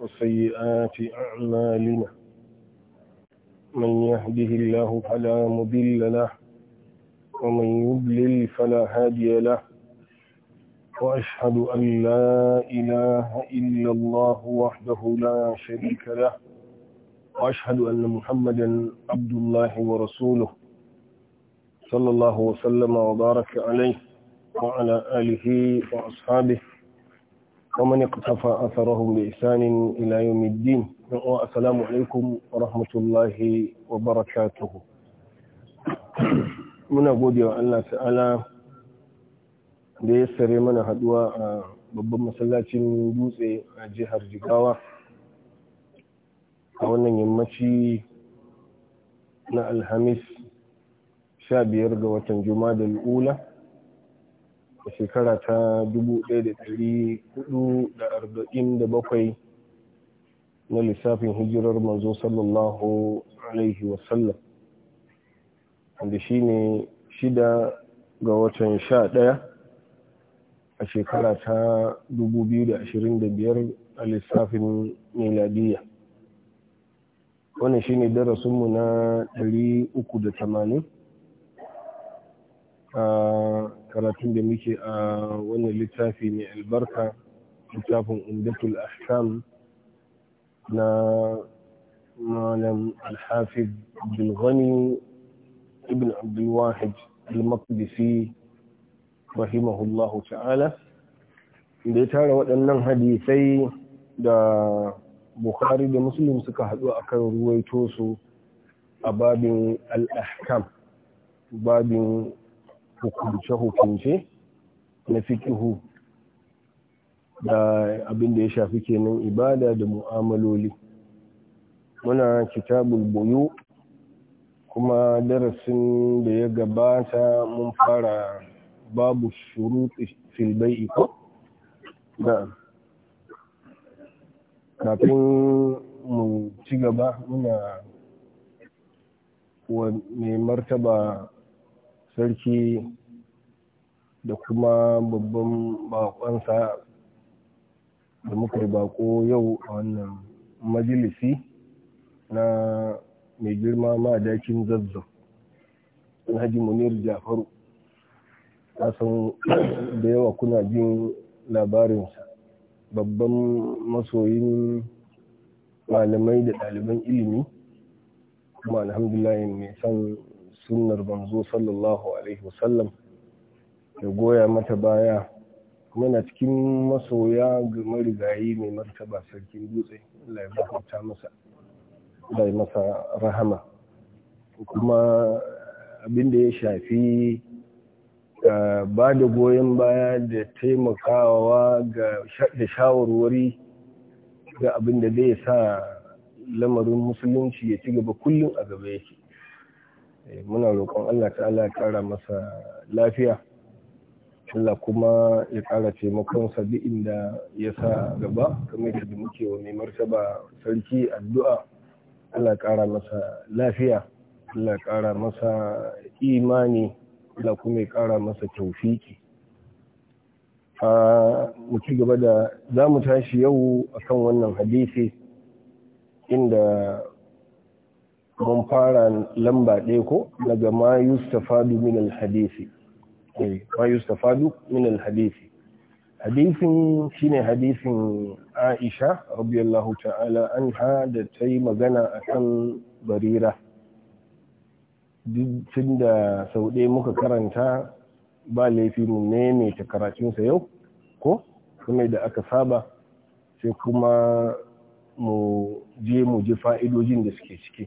وسيئات أعمالنا من يهده الله فلا مضل له ومن يضلل فلا هادي له وأشهد أن لا إله إلا الله وحده لا شريك له وأشهد أن محمدا عبد الله ورسوله صلى الله وسلم وبارك عليه وعلى آله وأصحابه ومن اقتفى أثرهم بإحسان إلى يوم الدين السلام عليكم ورحمة الله وبركاته muna gode wa Allah ta'ala da ya sare mana haduwa a babban masallacin dutse a jihar jigawa a wannan yammaci na alhamis 15 ga watan juma'a da lu'ula. a shekara ta bakwai na lissafin hijirar manzo sallallahu alaihi wasallam wanda shi ne shida ga watan sha ɗaya a shekara ta biyar a lissafin miladiyya wannan shi ne darasinmu na uku da tamanin. karatun da muke a wannan littafi mai albarka littafin indatul ahkam na malam alhafiz bin ghani ibn abdulwahid al-maqdisi rahimahullahu ta'ala da ya tara waɗannan hadisai da bukhari da muslim suka haɗu akan ruwaito su a babin al-ahkam babin hukunce-hukunce na fikihu da abin da ya shafi kenan ibada da mu'amaloli muna kitabul boyo kuma darasin da ya gabata mun fara babu shuruɗi filbai iko da kafin mu ci gaba muna wa mai martaba sarki da kuma babban bakonsa da muka yi bako yau a wannan majalisi na mai girma madakin zazzau alhaji munir jafaru san da yawa kuna jin labarinsa babban masoyin malamai da ɗaliban ilimi kuma alhamdulillah mai san. sunnar manzo sallallahu alaihi wasallam ya goya mata baya muna cikin masoya ga marigayi mai martaba sarkin dutse Allah ya masa Allah masa rahama kuma abin da ya shafi eh, ba da goyon baya da taimakawa da shawarwari ga abin da zai sa lamarin musulunci ya ci gaba kullum a gaba yake Eh, muna roƙon Allah ta Allah ya ƙara masa lafiya Allah kuma ya ƙara taimakon sabi inda ya sa gaba kamar yadda muke wa mai martaba sarki addu'a Allah ya ƙara masa lafiya Allah ya ƙara masa imani Allah kuma ya ƙara masa taufiki a mu ci gaba da za mu tashi yau akan wannan hadisi inda mun fara lamba ɗaya ko daga ma yustafadu min alhadisi eh, ma yustafadu min alhadisi hadisin shine hadisin Aisha radiyallahu ta'ala anha da ta yi magana a kan barira tun da sau ɗaya muka karanta ba laifi mu ta karatunsa yau ko kuma da aka saba sai kuma mu je mu ji fa'idojin da suke ciki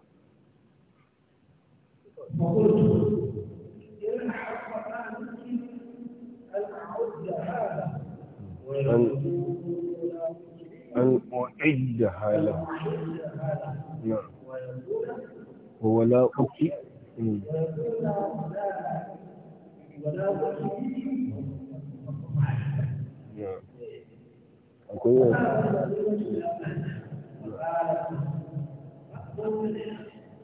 وقلت إن حق مالك أن أعد هذا أن أعدها له نعم ولا أكي ولا أكي نعم أقول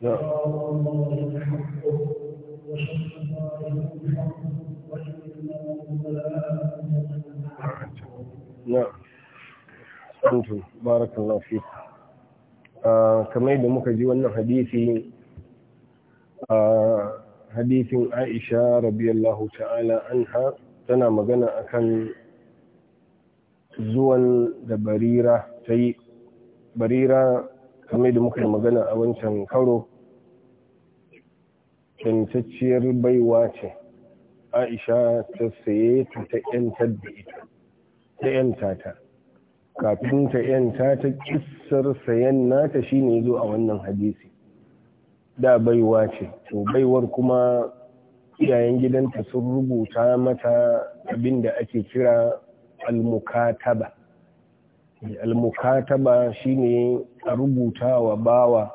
Ah, da muka ji wannan hadisi a ah, hadisin aisha rabiyallahu ta'ala anha tana magana akan zuwan da barira ta yi barira kamar da muka yi magana a wancan karo cancacciyar baiwa ce aisha ta saye ta ta yantar da ita ta yanta ta kafin ta yanta ta kissar sayan nata shine zo a wannan hadisi da baiwa ce to baiwar kuma iyayen gidanta sun rubuta mata abin da ake kira almukataba almukataba shine a rubuta wa bawa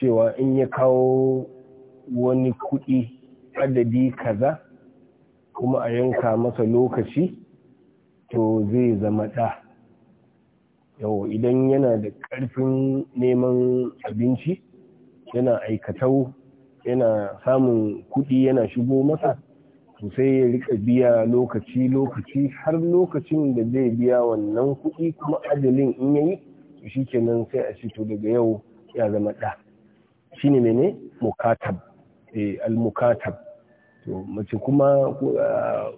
cewa in ya kawo wani kuɗi adadi kaza kuma a yanka masa lokaci to zai zama ɗa yau idan yana da ƙarfin neman abinci yana aikatau yana samun kuɗi yana shigo masa to sai ya rika biya lokaci-lokaci har lokacin da zai biya wannan kuɗi kuma ajalin in yayi to shi kenan sai a to daga yau ya zama ɗa shine mene mukatab Eh, al-mukatab to mace kuma uh,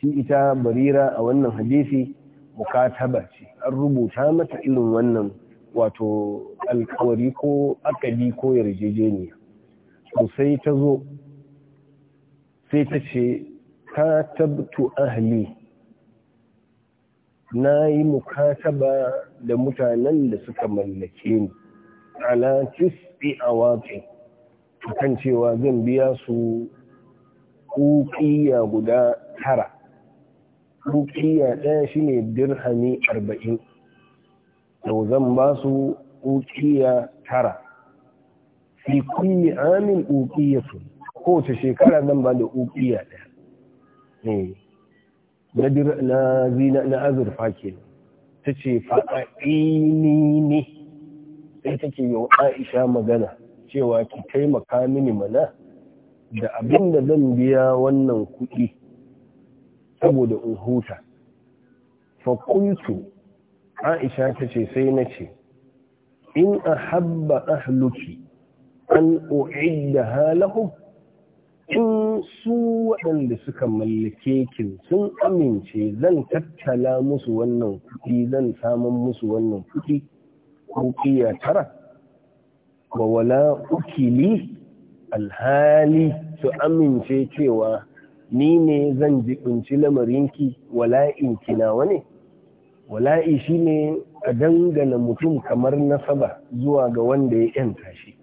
shi ita barira a wannan hadisi mukataba ce an rubuta mata irin wannan wato alkawari ko akadi ko yarjejeniya to sai ta zo sai ta ce ka tabtu ahli na yi mukataba da mutanen da suka mallake ni ala tis a waƙi kan cewa zan biya su ƙuƙiya guda tara ƙuƙiya ɗaya shine dirhami arba'in yau zan ba su ƙuƙiya tara fi kulli amin ukiyatu kowace shekara zan ba da ƙuƙiya ɗaya eh. na azurfa ke ta ce fa'a'ini ne sai take yau aisha magana cewa ki taimaka mini mana da abin da zan biya wannan kuɗi saboda in huta Fakultu aisha ta ce sai na ce in a habba ahluki an da halahu, in su waɗanda suka mallake ki sun amince zan tattala musu wannan kuɗi zan samun musu wannan kuɗi ko tara wa wala ukili alhali su amince cewa ni ne zan ji kunci lamarinki wala'inki nawa ne wala'i shi ne a dangana mutum kamar nasaba zuwa ga wanda ya yanta shi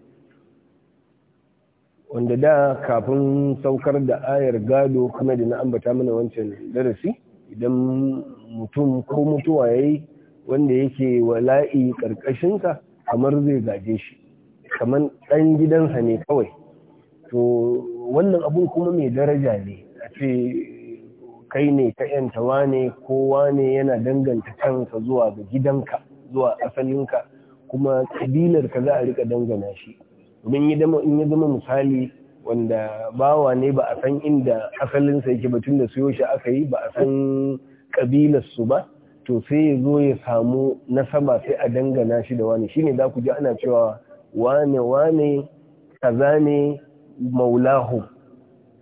wanda da kafin saukar da ayar gado kuma da na ambata mana wancan darasi idan mutum ko mutuwa ya yi wanda yake wala'i ƙarƙashinsa kamar zai gaje shi kamar ɗan gidansa ne kawai to wannan abun kuma mai daraja ne a ce kai ne ka yantawa ne kowa ne yana danganta kansa zuwa ga gidanka zuwa asalinka kuma kabilar ka za a rika dangana shi domin in ya zama misali wanda bawa ne ba a san inda asalinsa yake ba tun da suyo shi aka yi ba a san kabilar su ba to sai ya zo ya samu nasaba sai a dangana shi da wani shine za ku ji ana cewa wane wane kaza ne maulahu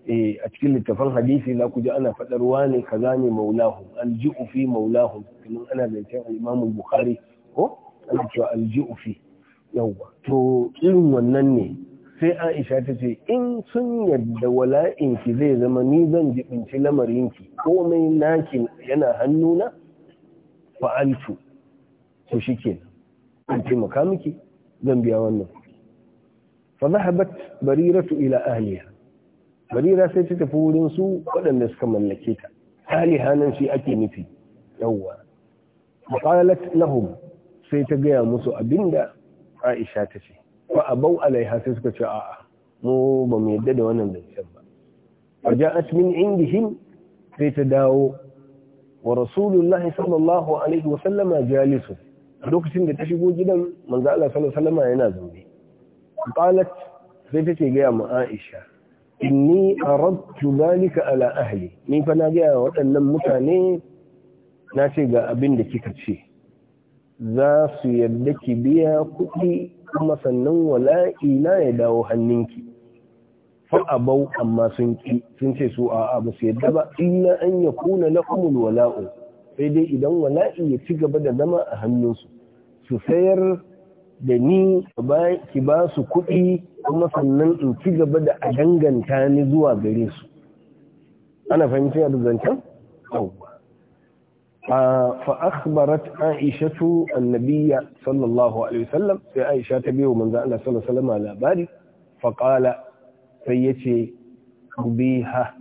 eh, a cikin littafan hadisi za ku ji ana faɗar wane kaza ne maulahu alji'u fi maulahu kuma ana zancen alimamin imamu bukhari ko ana cewa alji'u fi yawwa to irin wannan ne sai aisha ta ce in sun yadda wala'inki zai zama ni zan lamarin ki komai naki yana hannuna fa'altu to shikenan an taimaka miki zan biya wannan fa bariratu ila ahliha barira sai ta tafi wurin su waɗanda suka mallake ta ahliha nan shi ake nufi yawwa qalat lahum sai ta gaya musu abinda Aisha ta ce fa abau alaiha sai suka ce a'a mu ba mu yadda da wannan zancen ba faja'at min indihim sai ta dawo wa rasulullahi sallallahu alaihi wa sallama jalisu. lokacin da ta shigo gidan manzo Allah sallallahu alaihi wasallam yana zaune qalat sai take ga mu Aisha inni aradtu zalika ala ahli ni fa na ga waɗannan mutane na ce ga abin da kika ce za su yadda ki biya kuɗi kuma sannan wala'i na ya dawo hannunki fa abau amma sun ki sun ce su a'a ba su yadda ba illa an yakuna lakumul wala'u sai dai idan wala'i ya ci gaba da zama a hannunsu su sayar da ni ki ba su kuɗi kuma sannan in ci gaba da a danganta ni zuwa gare su ana fahimci a zancen? fa akhbarat aishatu annabiya sallallahu alaihi wasallam sai aisha ta biyo manzo Allah sallallahu alaihi wasallam labari fa qala sai yace ha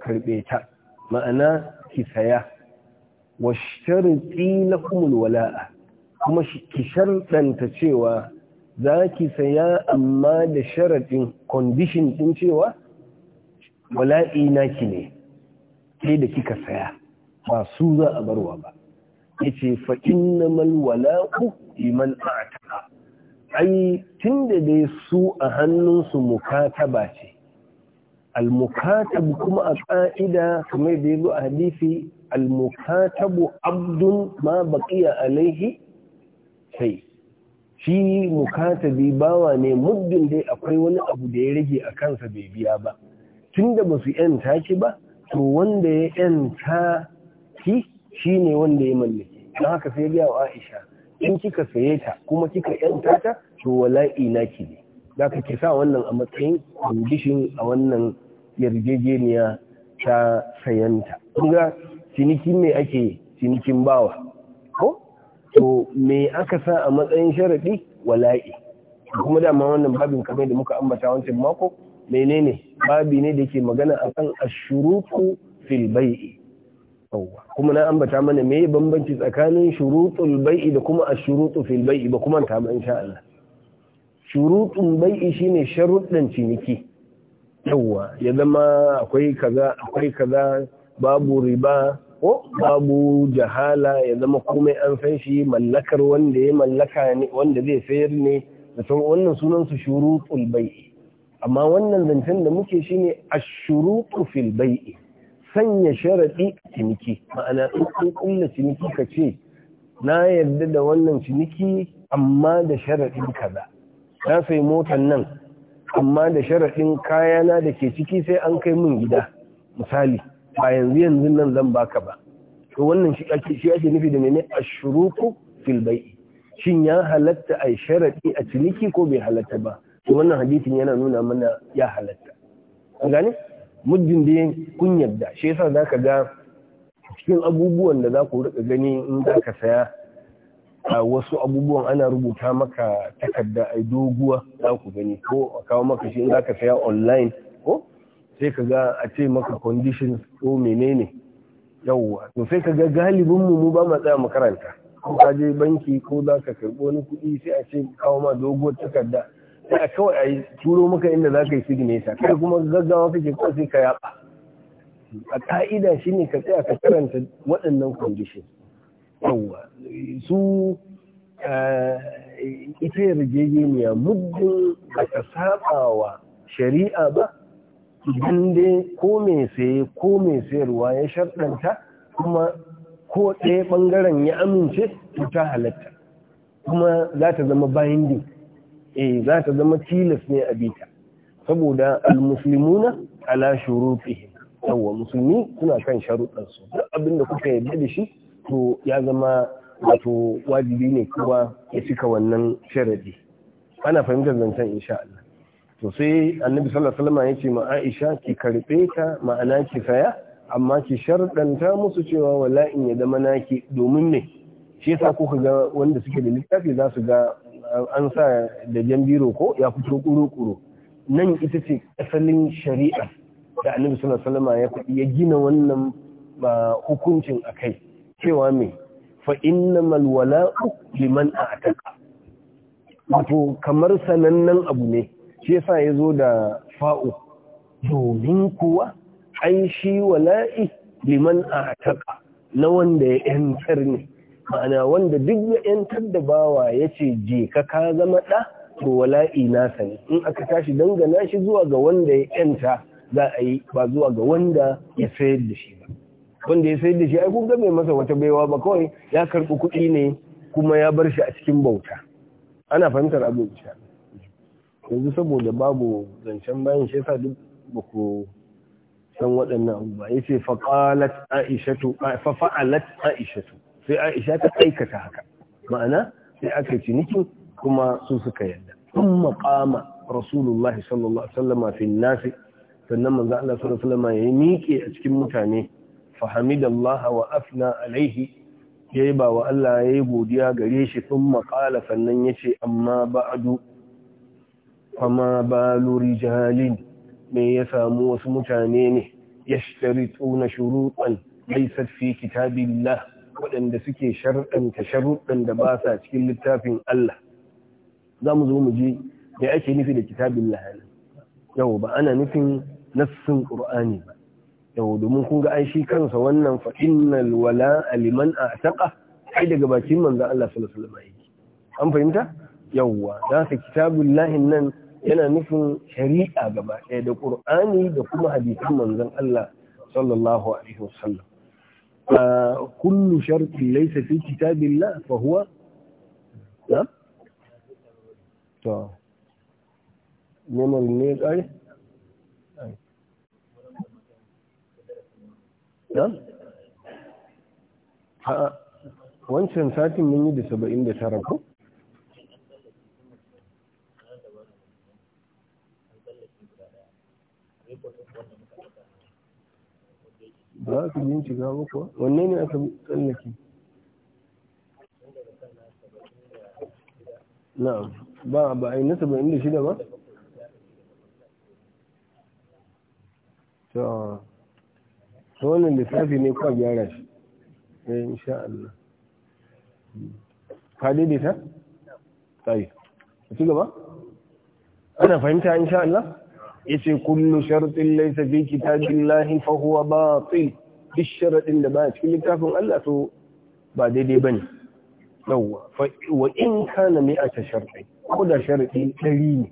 karbe ta ma'ana ki saya wa na lakum kuma ki sharɗanta cewa za ki saya amma da sharaɗin condition ɗin cewa wala'i ki ne ke da kika saya ba su za a barwa ba yace fa innamal wala'u liman a'taqa ai tunda dai su a hannunsu mukataba ce al-mukatab kuma a ƙa'ida kuma da zo a hadisi Almukatabu mukatabu abdun ma baqiya alaihi sai shi mukatabi bawa ne muddin dai akwai wani abu da ya rage a kansa bai biya ba tunda ba su yanta shi ba to wanda ya yanta shi ne wanda ya mallake don haka sai ga wa Aisha in kika saye ta kuma kika yanta ta to wala'i naki ne za ki sa wannan a matsayin condition a wannan yarjejeniya ta sayanta cinikin me ake cinikin bawa ko to me aka sa a matsayin sharaɗi wala'i kuma dama wannan babin kamar da muka ambata wancan mako menene babi ne da ke magana akan ashuruku fil bai'i kuma na ambata mana me bambanci tsakanin shurutul bai'i da kuma ashurutu fil bai'i ba kuma ta ba insha Allah shurutul bai'i shine sharuddan ciniki yawa ya zama akwai kaza akwai kaza babu riba ko babu jahala ya zama komai an san shi mallakar wanda ya mallaka ne wanda zai sayar ne da san wannan sunan su shurutul bai'i amma wannan zancen da muke shine ashurutu fil bai'i sanya sharadi ciniki ma'ana in kun kulla ciniki ka ce na yarda da wannan ciniki amma da sharadin kaza na sai motan nan amma da sharadin kayana da ke ciki sai an kai mun gida misali ba yanzu yanzu nan zan baka ba to wannan shi ake shi ake nufi da mene ashruku fil bai'i shin ya halatta ai sharadi a ciniki ko bai halatta ba to wannan hadisin yana nuna mana ya halatta an gane muddin da kun yadda shi yasa zaka ga cikin abubuwan da za ku rika gani in za ka saya a wasu abubuwan ana rubuta maka takarda a doguwa za ku gani ko a kawo maka shi in za ka saya online sai ka ga a ce maka conditions ko menene yawwa to sai ka ga galibin mu mu ba mu tsaya makaranta ko ka je banki ko za ka karɓi wani kuɗi sai a ce kawo ma doguwar takarda sai a kawai a yi turo maka inda za ka yi signesa kai kuma gaggawa kake kawai sai ka yaɓa a ka'ida shine ka tsaya ka karanta waɗannan conditions yawwa su eh, ita yarjejeniya muddin ba ta saba wa shari'a ba idan ko mai saye ko mai sayarwa ya sharɗanta kuma ko ɗaya ɓangaren ya amince to ta halatta kuma za ta zama bayan din eh za ta zama tilas ne a bita saboda almuslimuna ala shurutihim yawa musulmi suna kan sharuɗansu duk abin da kuka yarda da shi to ya zama wato wajibi ne kowa ya cika wannan sharadi ana fahimtar zancen insha Allah to sai annabi sallallahu alaihi wasallam ya ma Aisha ki karbe ta ma'ana ki saya amma ki sharɗanta musu cewa wala'in ya zama naki domin me, shi yasa kuka ga wanda suke da littafi za su ga an sa da jan biro ko ya fito kuru-kuru nan ita ce asalin shari'a da annabi sallallahu alaihi wasallam ya gina wannan hukuncin akai cewa me fa innamal wala'u liman a'taka wato kamar sanannen abu ne shi yasa ya zo da fa'u domin kuwa ai shi wala'i liman a taƙa na wanda ya ‘yantar ne ma'ana wanda duk ya ‘yantar da bawa ya ce je ka ka zama ɗa to wala'i nasa ne in aka tashi dangana shi zuwa ga wanda ya ‘yanta za a yi ba zuwa ga wanda ya sayar da shi ba wanda ya sayar da shi ai kun ga masa wata baiwa ba kawai ya karɓi kuɗi ne kuma ya bar shi a cikin bauta ana fahimtar abin insha yanzu saboda babu zancen bayan shi yasa duk ba ku san waɗannan abubuwa ya ce faƙalat aishatu fafa'alat aishatu sai aisha ta aikata haka ma'ana sai aka ciniki kuma su suka yadda sun maƙama rasulullahi sallallahu alaihi wasallam fi nasi sannan manzo Allah sallallahu alaihi wasallam ya miƙe a cikin mutane fa hamidallaha wa afna alaihi yayi ba wa Allah yayi godiya gare shi sun maƙala sannan yace amma ba'du fama balu rijalin me ya samu wasu mutane ne ya yashtarituna shurutan laysat fi kitabillah waɗanda suke sharɗanta sharuɗan da ba sa cikin littafin Allah za mu zo mu je me ake nufi da kitabin lahani yau ba ana nufin nassin qur'ani ba yau domin kun ga an shi kansa wannan fa innal wala a taƙa? ai daga bakin manzon Allah sallallahu alaihi an fahimta yawwa dan sa kitabul nan yana nufin shari'a gaba ɗaya da ƙur'ani da kuma hadisan manzon Allah sallallahu alaihi wasallam kullu shartin laysa fi kitabillah fa huwa na to memory ne kai na ha wancan satin mun yi da 79 ko ba su yin shiga ba kuwa wanne ne aka tsallake na ba ba a yi na saba'in da shida ba ta wannan lissafi ne kwa gyara shi ya eh, yi insha Allah ka daidaita? ta yi ci gaba? ana fahimta insha Allah? yace kullu shartin laysa fi kitabillahi fa huwa batil duk sharadin da ba cikin littafin Allah to ba daidai bane yawa fa wa in kana mi'ata sharti ko da sharti 100 ne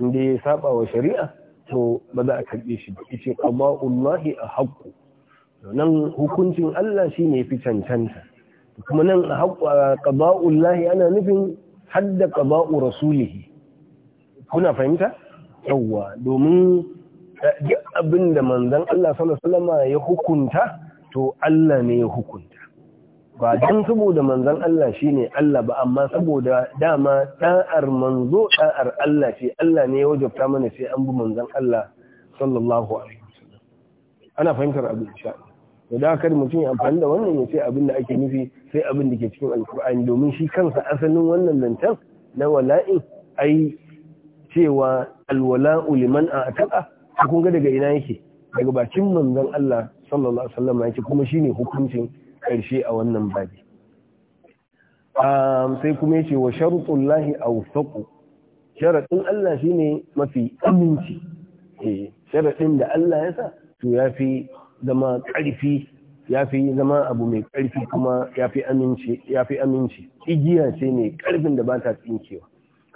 inda ya saba wa shari'a to ba za a karbe shi ba yace qada'ullahi ahqqu nan hukuncin Allah shine fi cancanta kuma nan ahqqu qada'ullahi ana nufin hadda qada'u rasulihi kuna fahimta yawwa domin eh, duk abin da manzan Allah sallallahu alaihi wasallam ya hukunta to Allah ne ya hukunta ba don saboda manzan Allah shi ne Allah ba amma saboda dama ɗa'ar manzo ɗa'ar Allah ce Allah ne ya wajabta mana sai an bi manzan Allah sallallahu alaihi wasallam ana fahimtar abin insha da da kar mutum ya amfani da wannan ya ce abin da ake nufi sai abin da ke cikin alkur'ani domin shi kansa asalin wannan lantar na wala'in ai cewa alwala uliman a ataka kun ga daga ina yake daga bakin manzon Allah sallallahu alaihi wasallam yake kuma shine hukuncin karshe a wannan babi sai kuma yace wa sharutul lahi awsaqu Sharaɗin Allah shine mafi aminci eh sharaɗin da Allah ya sa to yafi zama yafi zama abu mai ƙarfi kuma yafi aminci aminci igiya ce mai ƙarfin da ba ta tsinkewa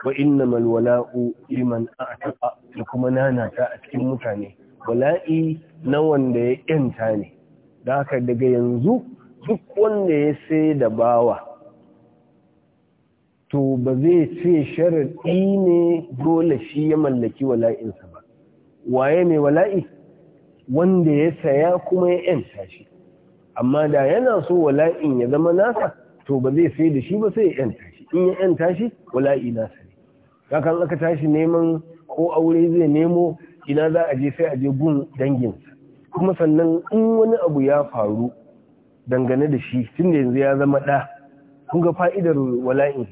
wa inna malwala'u liman a'taqa da kuma nanata a cikin mutane wala'i na wanda ya yanta ne da haka daga yanzu duk wanda ya sai da bawa to ba zai ce sharaɗi ne dole shi ya mallaki wala'insa ba waye mai wala'i wanda ya saya kuma ya yanta shi amma da yana so wala'in ya zama nasa to ba zai sai da shi ba sai ya yanta shi in ya yanta shi wala'i nasa kakan aka tashi neman ko aure zai nemo ina za a je sai a je gun danginsa kuma sannan in wani abu ya faru dangane da shi tun da yanzu ya zama ɗa kun ga fa'idar wala'in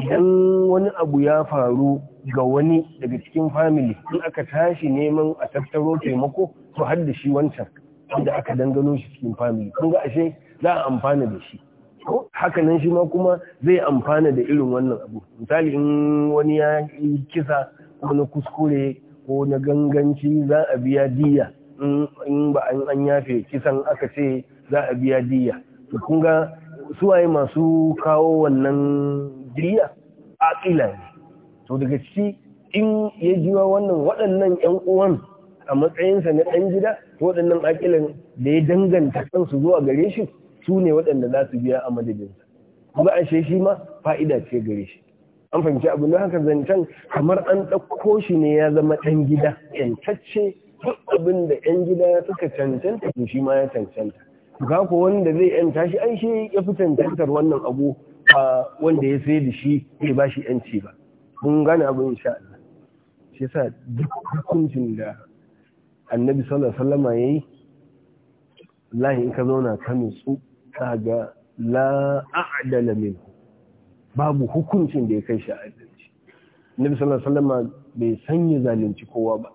idan wani abu ya faru ga wani daga cikin famili in aka tashi neman a tattaro taimako to har da shi wancan wanda aka dangano shi cikin famili kun ga ashe za a amfana da shi ko hakanan shi ma kuma zai amfana da irin wannan abu misali in wani ya yi kisa ko na kuskure ko na ganganci za a biya diya in ba an yafe kisan aka ce za a biya diya to kun ga suwaye masu kawo wannan diya aƙila ne to daga ciki in ya jiwa wannan waɗannan 'yan uwan a matsayinsa na ɗan gida waɗannan aƙilan da ya danganta kansu zuwa gare shi su ne waɗanda za su biya a madadinsa kuma an shi ma fa'ida ce gare shi an fahimci abu da haka zancen kamar an ɗauko shi ne ya zama ɗan gida yantacce duk abin da ‘yan gida suka cancanta to shi ma ya cancanta ga ko wanda zai ‘yanta shi an shi ya fi cancantar wannan abu a wanda ya sai da shi bai ba shi ‘yanci ba mun gane abin insha Allah shi yasa duk hukuncin da annabi sallallahu alaihi wasallama yayi wallahi in ka zauna ka nutsu kaga la a'dala minhu babu hukuncin da ya kai shi adalci nabi sallallahu alaihi wasallam bai sanya zalunci kowa ba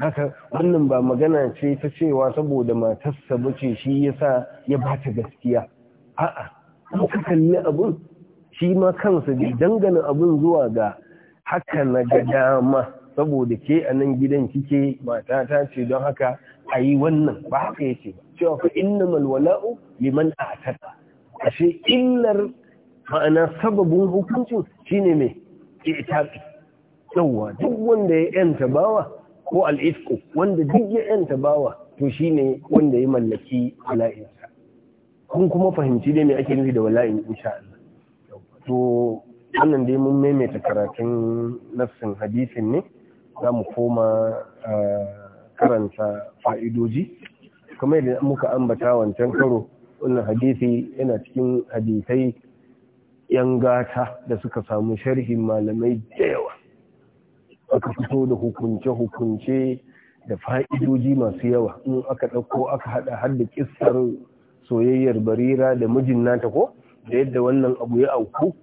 haka wannan ba magana ce ta cewa saboda matarsa bace shi yasa ya bata gaskiya a'a ko ka kalli abun shi ma kansa da dangana abun zuwa ga haka na ga dama saboda ke a nan gidan kike matata ce don haka a yi wannan ba haka yake ba cewa fa innamal wala'u liman a'taka ashe illar ma'ana sababin hukuncin shine mai itaqi yawa duk wanda ya yanta bawa ko al'isku, wanda duk ya yanta bawa to shine wanda ya mallaki wala'insa kun kuma fahimci dai me ake nufi da wala'in insha Allah to wannan dai mun maimaita karatun nafsin hadisin ne za mu koma ah, karanta fa'idoji kuma yadda muka ambata wancan karo wannan hadisi yana cikin hadisai yan gata da suka samu sharhin malamai da yawa aka fito da hukunce-hukunce da fa'idoji masu yawa in aka ɗauko aka haɗa har da ƙistar soyayyar barira da mijin nata ko da yadda wannan abu ya auku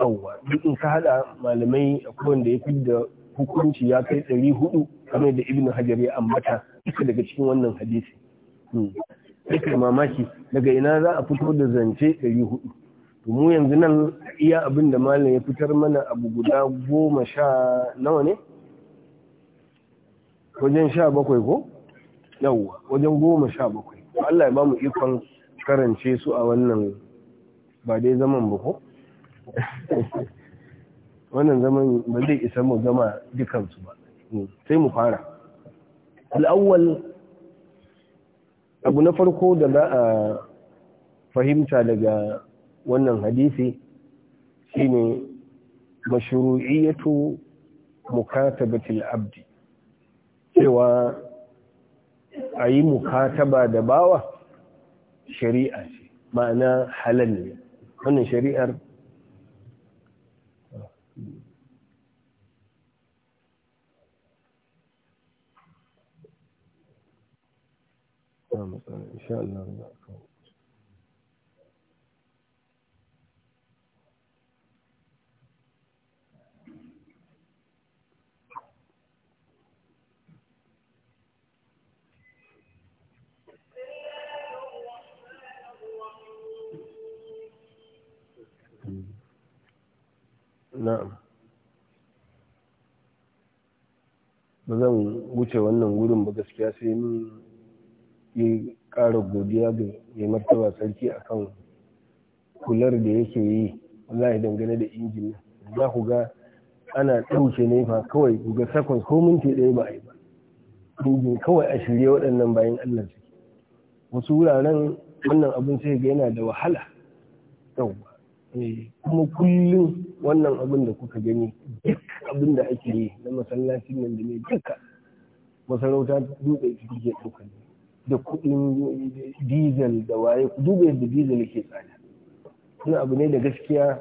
yawwa duk in ka haɗa malamai akwai wanda ya fi da hukunci ya kai ɗari hudu kamar da Ibn hajar ya ambata duka daga cikin wannan hadisi duka hmm. mamaki daga ina za a fito da zance 400 to mu yanzu nan iya abin da malam ya fitar mana abu guda goma sha nawa ne wajen sha bakwai ko yawwa wajen goma sha bakwai Allah ya ba mu ikon karance su a wannan ba dai zaman ba ko wannan zaman ba zai isa mu gama dukansu ba sai mu fara al'awwal abu na farko da za a fahimta daga wannan hadisi shine mashru'iyatu mukatabatil abdi cewa a yi mukataba da bawa shari'a ce ma'ana halal ne wannan shari'ar insha Allah na'am ba zan wuce wannan wurin ba gaskiya sai mun yi ƙara godiya ga mai martaba sarki akan kular da yake yi wallahi dangane da injin za ku ga ana ɗauke ne fa kawai ku ga sakon ko minti ɗaya ba a yi ba injin kawai a shirya waɗannan bayan Allah suke wasu wuraren wannan abin sai ga yana da wahala yauwa eh, kuma kullum wannan abin da kuka gani duk abin da ake yi na masallacin nan da ne duka masarauta dutse ita ke ɗaukar da kuɗin diesel da waye duba yadda diesel yake tsada wani abu ne da gaskiya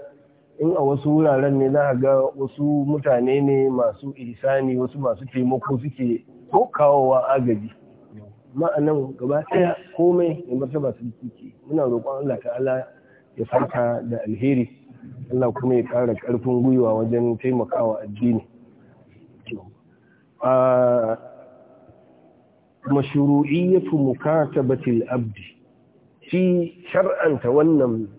in a wasu wuraren ne za ga wasu mutane ne masu ihsani wasu masu taimako suke ko kawowa agaji ma'anan gaba ɗaya komai in ba su ke muna roƙon Allah ta'ala ya farka da alheri Allah kuma ya ƙara ƙarfin gwiwa wajen taimakawa addini ah, mashru'iyyatu mukatabatil abdi shi shar'anta wannan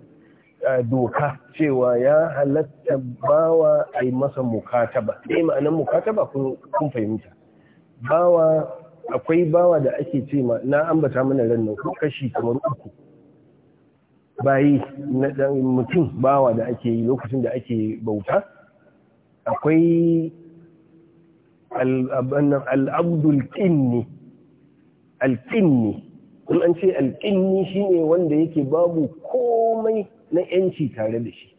doka cewa ya halatta bawa a yi masa mukataba E, ma'anar mukataba kun fahimta bawa akwai bawa da ake ce ma na ambata mana rannan ko kashi kamar uku bayi na mutum bawa da ake yi lokacin da ake bauta akwai al'abdul ne. alƙinni in an ce alƙinni shine wanda yake babu komai na yanci tare da shi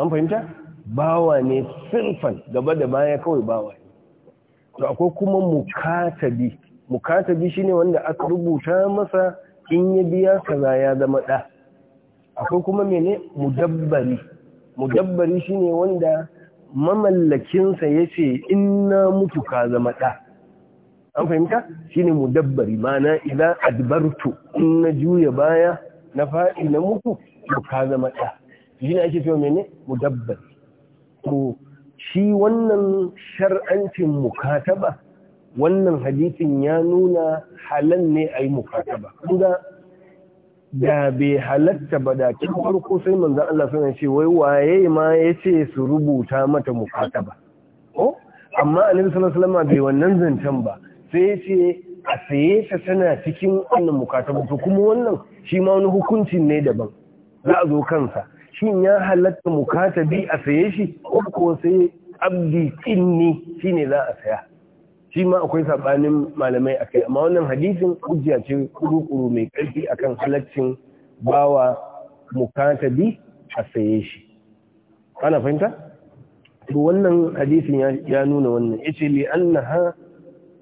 an fahimta bawa ne sirfan gaba da baya kawai bawa ne to akwai kuma mukatabi mukatabi shine wanda aka rubuta masa in ya biya kaza ya zama ɗa akwai kuma mene mudabbari mudabbari shine wanda mamallakinsa ya ce in na mutu ka zama ɗa an fahimta Shi ne shine mudabbari mana ila adbartu in na juya baya na faɗi na mutu to ka zama ɗa ne ake cewa mene dabbari to shi wannan shar'ancin mukataba wannan hadisin ya nuna halan ne a yi mukataba kuma da bai halatta ba da kin farko sai manzan Allah suna ce wai waye ma ya ce su rubuta mata mukataba ko amma annabi sallallahu alaihi wasallam bai wannan zancen ba sai ce a saye ta tana cikin wannan mukatabu to kuma wannan shi ma wani hukuncin ne daban za a zo kansa shi ya halatta mukatabi a saye shi ko sai abdi kinni shine za a saya shi ma akwai sabanin malamai a kai, amma wannan hadisin hujja ce kuru mai karfi akan halaccin bawa mukatabi a saye shi ana fahimta to wannan hadisin ya nuna wannan yace li annaha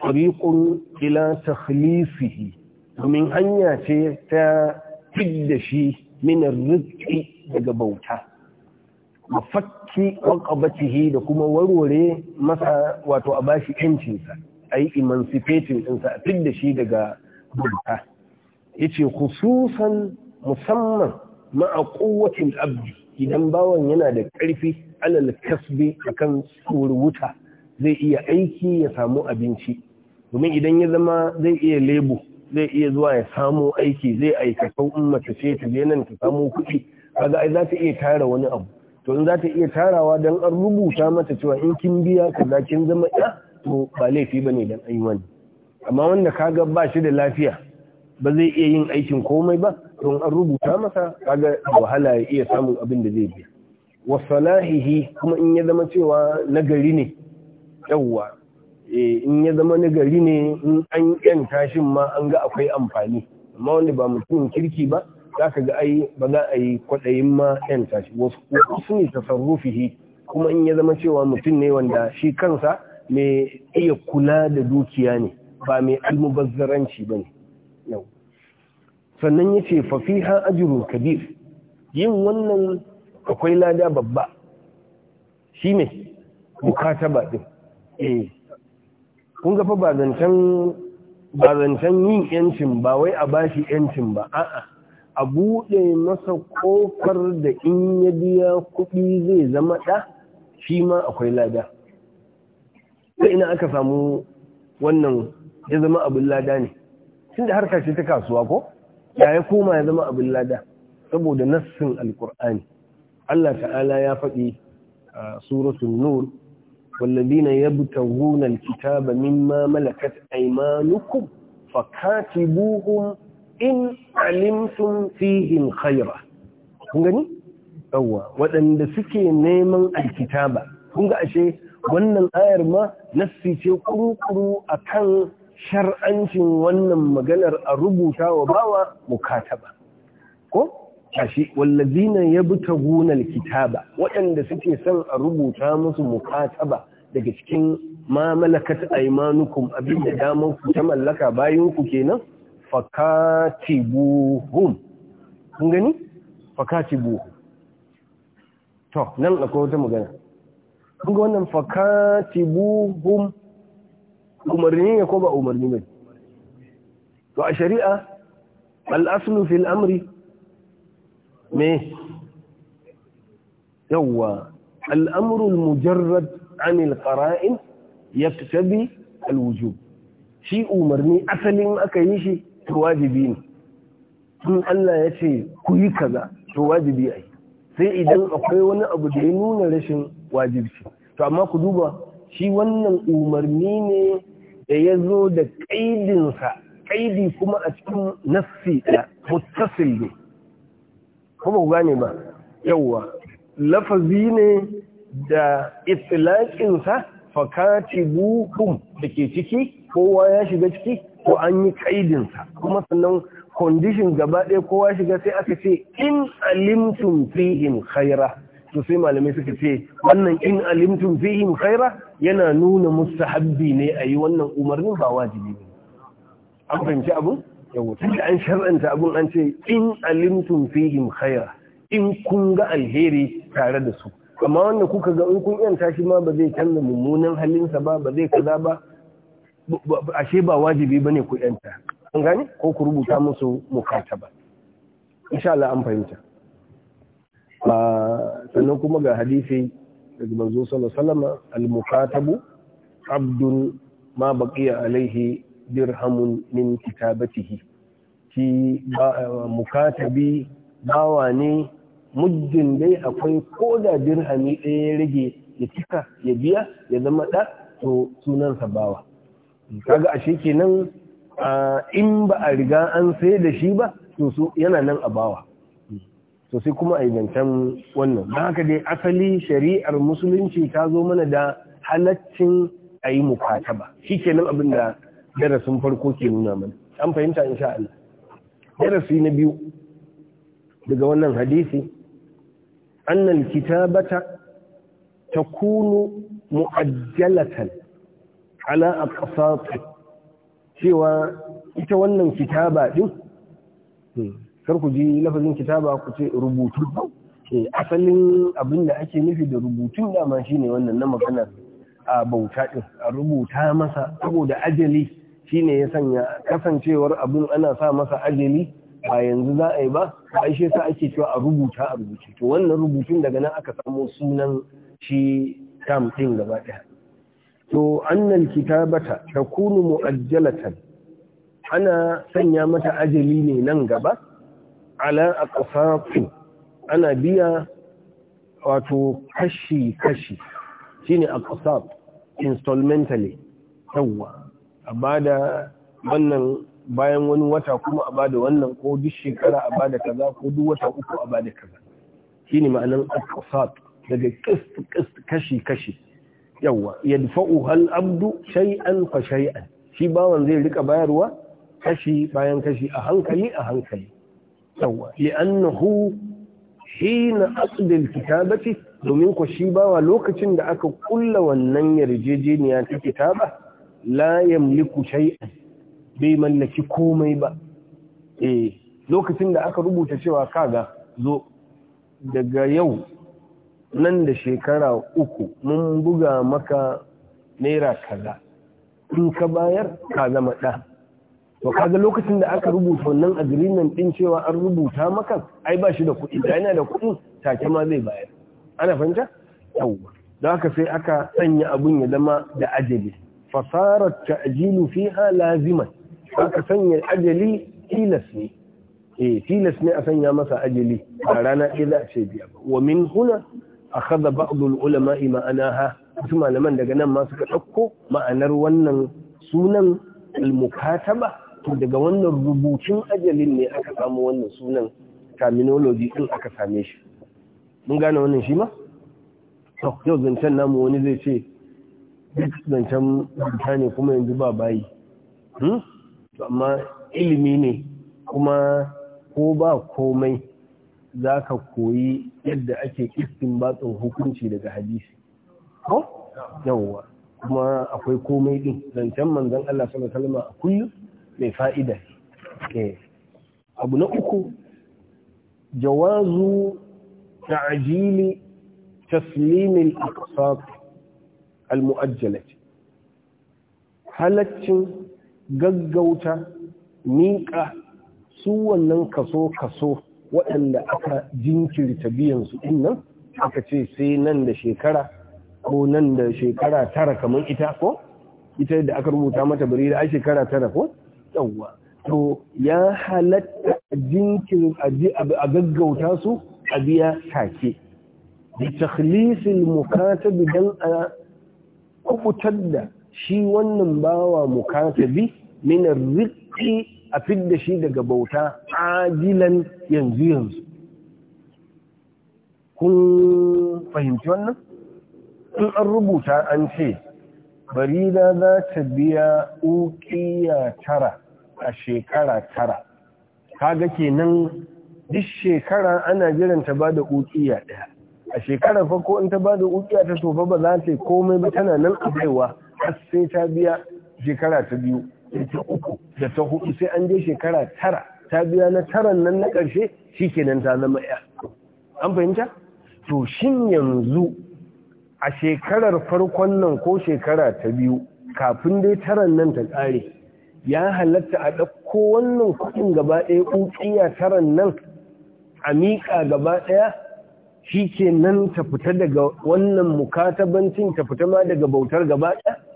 tariqun ila takhlifihi domin hanya ce ta fidda shi min rizqi daga bauta mafakki waqabatihi da kuma warware masa wato a bashi yancin sa ayi emancipating din sa fidda shi daga bauta yace khususan musamman ma'a quwwatil abdi idan bawan yana da ƙarfi alal kasbi akan wuta, zai iya aiki ya samu abinci domin idan ya zama zai iya lebu zai iya zuwa ya samu aiki zai aika in mace ce ta je ta samu kuɗi kaga ai za ta iya tara wani abu to in za ta iya tarawa dan an rubuta mata cewa in kin biya kaza kin zama ya to ba laifi bane dan an yi wani amma wanda kaga ba shi da lafiya ba zai iya yin aikin komai ba to in an rubuta masa kaga wahala ya iya samun abin da zai biya wa salahihi kuma in ya zama cewa nagari ne yawwa Eh, in ya zama na gari ne in an yanta tashin ma an ga akwai amfani amma wanda ba mutumin kirki ba za ka ga ai ba za a yi kwaɗayin ma yanta shi wasu su ne tasarrufihi kuma in ya zama cewa mutum ne wanda shi kansa mai iya kula da dukiya ne ba mai almubazzaranci ba ne sannan ya ce Fafi, ha ajirun kabir yin wannan akwai lada babba shi ne ba din eh. kun ga fa ba zancen yin yancin ba wai a bashi yancin ba a'a a buɗe masa ƙofar da in ya biya kuɗi zai zama ɗa shi ma akwai lada sai ina aka samu wannan ya zama abin lada ne tun da harka ce ta kasuwa ko ya ya koma ya zama abin lada saboda nassin alkur'ani Allah ta'ala ya faɗi a suratun nur والذين يبتغون الكتاب مما ملكت أيمانكم فكاتبوهم in alimtum fihim kaira. kun yawa waɗanda suke neman alkitaba kun ashe wannan ayar ma nassi ce kurukuru akan shar'ancin wannan maganar a rubuta wa bawa mukataba ko kashi wallazina yabtaguna alkitaba waɗanda suke son a rubuta musu mukataba daga cikin ma malakat aymanukum abin da damar ku ta mallaka bayan ku kenan fakatibuhum kun gani fakatibuhum to nan akwai wata magana kun ga wannan fakatibuhum umarni ne ko ba umarni ne to a shari'a al'aslu fil amri me yawwa al'amrul mujarrad عن القرائن يكتبي الوجوب shi umarni asalin aka yi shi to wajibi ne in Allah ya ce ku kaza to wajibi ai sai idan akwai wani abu da ya nuna rashin wajibci to amma ku duba shi wannan umarni ne da ya zo da ƙaidinsa ƙaidi kuma a cikin nassi da muttasil ne kuma ku gane ba yawwa lafazi ne da fakati bukun da ke ciki kowa ya shiga ciki ko an yi kaidinsa kuma sannan kondishin gaba ɗaya kowa shiga sai aka ce in alimtum fihim khaira to sai malamai suka ce wannan in alimtum fihim khaira yana nuna mustahabbi ne a yi wannan umarnin ba wajibi ne an fahimci abin yau tun da an shar'anta abun an ce in alimtum fihim khaira in kun ga alheri tare da su amma wanda kuka ga in kun yanta tashi ma ba zai canza mummunan halinsa ba ba zai kaza ba ashe ba wajibi ba ne ku yanta an gani ko ku rubuta musu mukata ba insha Allah an fahimta ah, sannan kuma ga hadisi daga manzo sallallahu alaihi al-mukatabu abdun ma baqiya alaihi dirhamun min kitabatihi ki mukatabi bawa ne muddin dai akwai ko da dirhami ɗaya ya rage ya cika ya biya ya zama ɗa to sunansa bawa kaga ashe kenan in ba a riga an sai da shi ba to su yana nan a bawa to sai kuma a zancen wannan don haka dai asali shari'ar musulunci ta zo mana da halaccin a yi mukata ba shi kenan abin da darasin farko ke nuna mana an fahimta insha Allah darasi na biyu daga wannan hadisi annal kitabata takunu mu'ajjalatan ala aqsati cewa ita wannan kitaba ɗin, kar ku ji lafazin kitaba ku ce rubutu asalin abin da ake nufi da rubutun dama shine wannan na maganar a bauta din a rubuta masa saboda ajali shine ya sanya kasancewar abin ana sa masa ajali ba yanzu za a yi ba ba shi sa ake cewa a rubuta a rubuce to wannan rubutun daga nan aka samo sunan shi tam din gaba daya to an annal kitabata takunu muajjalatan ana sanya mata ajali ne nan gaba ala aqsaqi ana biya wato kashi kashi shine aqsaq installmentally yawa a bada wannan bayan wani wata kuma a bada wannan ko duk shekara a bada kaza ko duk wata uku a bada kaza shine ma'anan al qasat daga qist qist kashi kashi yawa yadfa'u hal abdu shay'an fa shay'an shi bawan zai rika bayarwa kashi bayan kashi a hankali a hankali yawa li'annahu hina aqd al-kitabati domin ko shi bawa lokacin da aka kulla wannan yarjejeniya ta kitaba la yamliku shay'an bai mallaki komai ba eh lokacin da aka rubuta cewa kaga zo daga yau nan da shekara uku mun buga maka naira kaza in ka bayar ka zama ɗa to kaga lokacin da aka rubuta wannan agreement din cewa an rubuta maka ai ba shi da kuɗi da yana da kuɗi take ma zai bayar ana fahimta yawwa don haka sai aka sanya abun ya zama da ajali fasarar ta'jilu fiha laziman aka sanya ajali tilas ne eh tilas ne a sanya masa ajali a rana ɗaya za a ce biya ba wa min huna a ba'd al-ulama ha? wasu malaman daga nan ma suka ɗauko ma'anar wannan sunan al-mukataba daga wannan rubutun ajalin ne aka samu wannan sunan terminology din aka same shi mun gane wannan shi ma to yau zancen namu wani zai ce duk zancen ne kuma yanzu ba bayi hmm? amma ilimi ne kuma ko ba komai za ka koyi yadda ake istin batsin hukunci daga hadisi ko yawwa kuma akwai komai din zancen manzon Allah sama salama a kullum mai fa'ida eh. abu na uku jawazu Taslimin تسليم al المؤجلة halaccin gaggauta miƙa su wannan kaso-kaso waɗanda aka jinkirta biyansu ɗin nan aka ce sai nan da shekara ko nan da shekara tara kamar ita ko ita da aka rubuta mata bari da a shekara tara ko yawwa to ya halatta jinkirin a gaggauta su a biya take da takhlisil mukatabi dan a kubutar da shi wannan bawa mukatabi minar riƙi a fidda shi daga bauta ajilan yanzu yanzu kun fahimci wannan in an rubuta an ce barida za ta biya ukiya tara a shekara tara kaga kenan duk shekara ana jiran ta bada ukiya daya a shekarar fa in ta bada ukiya ta sofa ba za ta komai ba tana nan a baiwa har sai ta biya shekara ta biyu da ta uku da ta hudu sai an je shekara tara ta biya na taran nan na ƙarshe shi kenan ta zama ya an fahimta to shin yanzu a shekarar farkon nan ko shekara ta biyu kafin dai taran nan ta ƙare ya halatta a ɗauko wannan kuɗin gaba ɗaya ƙuƙiya taran nan a miƙa gaba ɗaya shi ke nan ta fita daga wannan mukatabancin ta fita ma daga bautar gaba ɗaya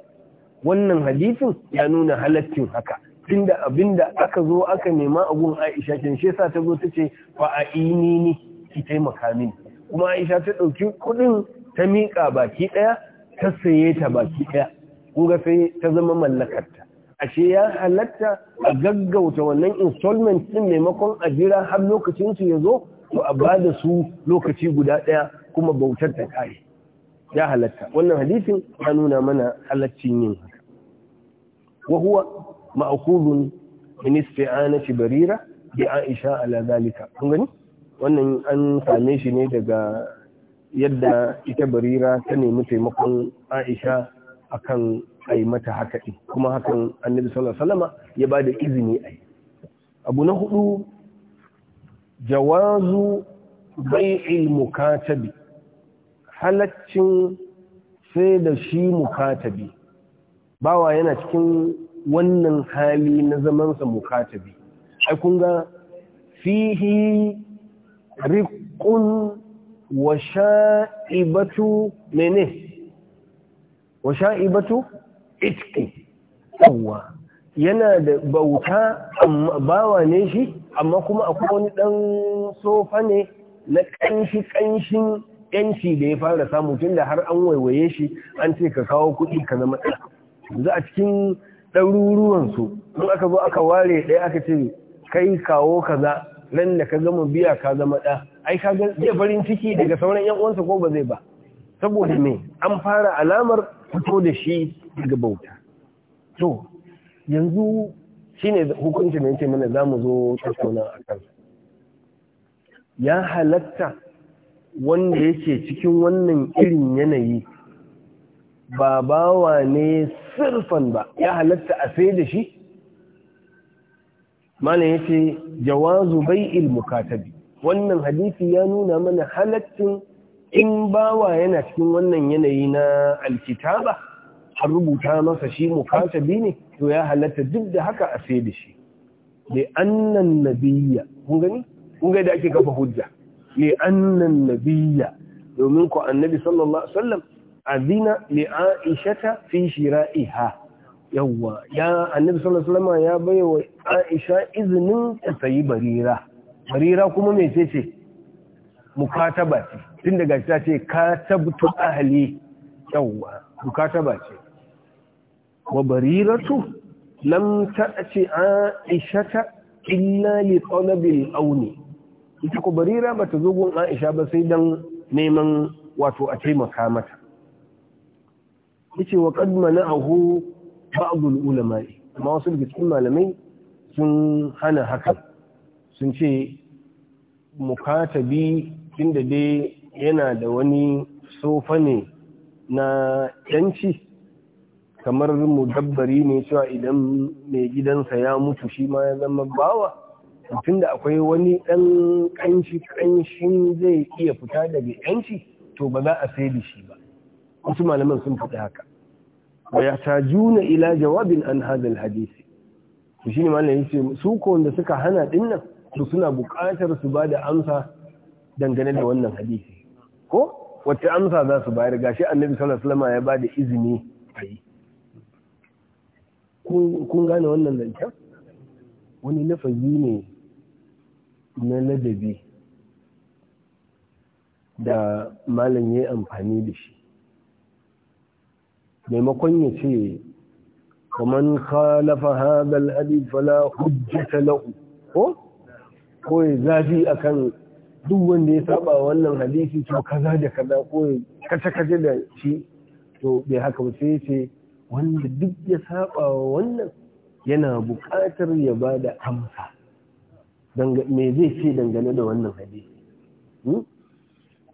wannan hadisin ya nuna halaccin haka tunda da aka zo aka nema a gun Aisha kin shi yasa ta zo ta ce fa aini ni ki taimaka mini kuma Aisha ta ɗauki kudin ta miƙa baki ɗaya, ta saye ta baki ɗaya. Kunga sai ta zama mallakarta ashe ya halatta a gaggauta wannan installment din maimakon a jira har lokacin su ya zo to a da su lokaci guda daya kuma bautar ta kare ya halatta wannan hadisin ya nuna mana halaccin yin haka wa huwa ma'khudun min barira bi aisha ala kun gani wannan an same shi ne daga yadda ita barira ta nemi taimakon aisha akan ai mata haka din kuma hakan annabi sallallahu alaihi wasallama ya da izini ai abu na hudu jawazu ilmu mukatabi halaccin sai da shi mukatabi bawa yana cikin wannan hali na zamansa mukatabi ai kun ga fihi riqun wa sha'ibatu mene wa sha'ibatu itqi yawa yana da bauta amma bawa ne shi amma kuma akwai wani dan sofa ne na kanshi kanshin yanci da ya fara samu tunda har an waiwaye shi an ce ka kawo kuɗi ka zama ɗan yanzu a cikin ɗaruruwansu in aka zo aka ware ɗaya aka ce kai kawo kaza nan da ka zama biya ka zama ɗa ai ka ga zai farin ciki daga sauran yan uwansa ko ba zai ba saboda me an fara alamar fito da shi daga bauta to yanzu shine hukuncin da yake mana zamu zo tattauna a kan. ya halatta wanda yake cikin wannan irin yanayi ba bawa ne sirfan ba ya halatta a sai da shi malam yace jawazu bai'il mukatabi wannan hadisi ya nuna mana halaccin in bawa yana cikin wannan yanayi na alkitaba an rubuta masa shi mukatabi ne to ya halatta duk da haka a sai da shi li annan nabiyya kun gani kun gani da ake kafa hujja li annan nabiyya domin ko annabi sallallahu alaihi wasallam azina li aishata fi shira'iha yawwa ya annabi sallallahu alaihi wasallam ya baiwa aisha izinin ta sayi barira barira kuma me ce ce mukataba ce tun daga ta ce katabtu ahli yawwa mukataba ce wa bariratu lam ta'ti aishata illa li talabil auni ita ko barira bata zo gun aisha ba sai dan neman wato a taimaka mata yace wa qad mana'ahu ba'd ulamai amma wasu daga cikin malamai sun hana hakan sun ce mukatabi inda dai yana da wani sofa ne na yanci kamar mudabbari ne cewa idan mai gidansa ya mutu shi ma ya zama bawa da akwai wani ɗan ƙanshi ƙanshin zai iya fita daga yanci to ba za a sai da shi ba wasu malaman sun fi haka wa ya yahtajuna ila jawabin an hadha alhadisi to shine malamin yace su ko wanda suka hana dinnan to suna buƙatar su ba da amsa dangane da wannan hadisi ko wacce amsa za su bayar gashi annabi sallallahu alaihi wasallam ya bada izini ai kun gane wannan zancen wani lafazi ne na ladabi da malam ya yi amfani da shi maimakon ya ce kaman kalafa hadha al fala hujjata lahu ko ko ya zafi akan duk wanda ya saba wannan hadisi to kaza da kaza ko ya kace kace da shi to bai haka ba sai ce wanda duk ya saba wannan yana buƙatar ya ba da amsa me zai ce dangane da wannan hadisi hmm?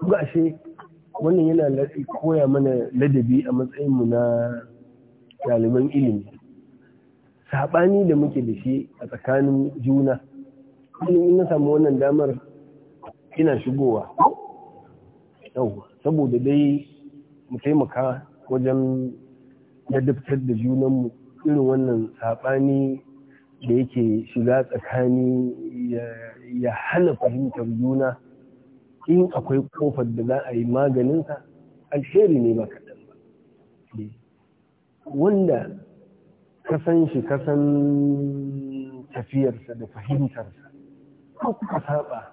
ga shi wannan yana koya mana ladabi a matsayinmu na ɗaliban ilimi saɓani da muke da shi a tsakanin juna kullum ina samu wannan damar ina shigowa yauwa saboda dai mu taimaka wajen ladabtar da junanmu irin wannan saɓani da yake shiga tsakani ya hana fahimtar juna in akwai kofar da za a yi maganinsa alheri ne ba kaɗan ba wanda kasan shi kasan tafiyarsa da fahimtarsa ko kuka saba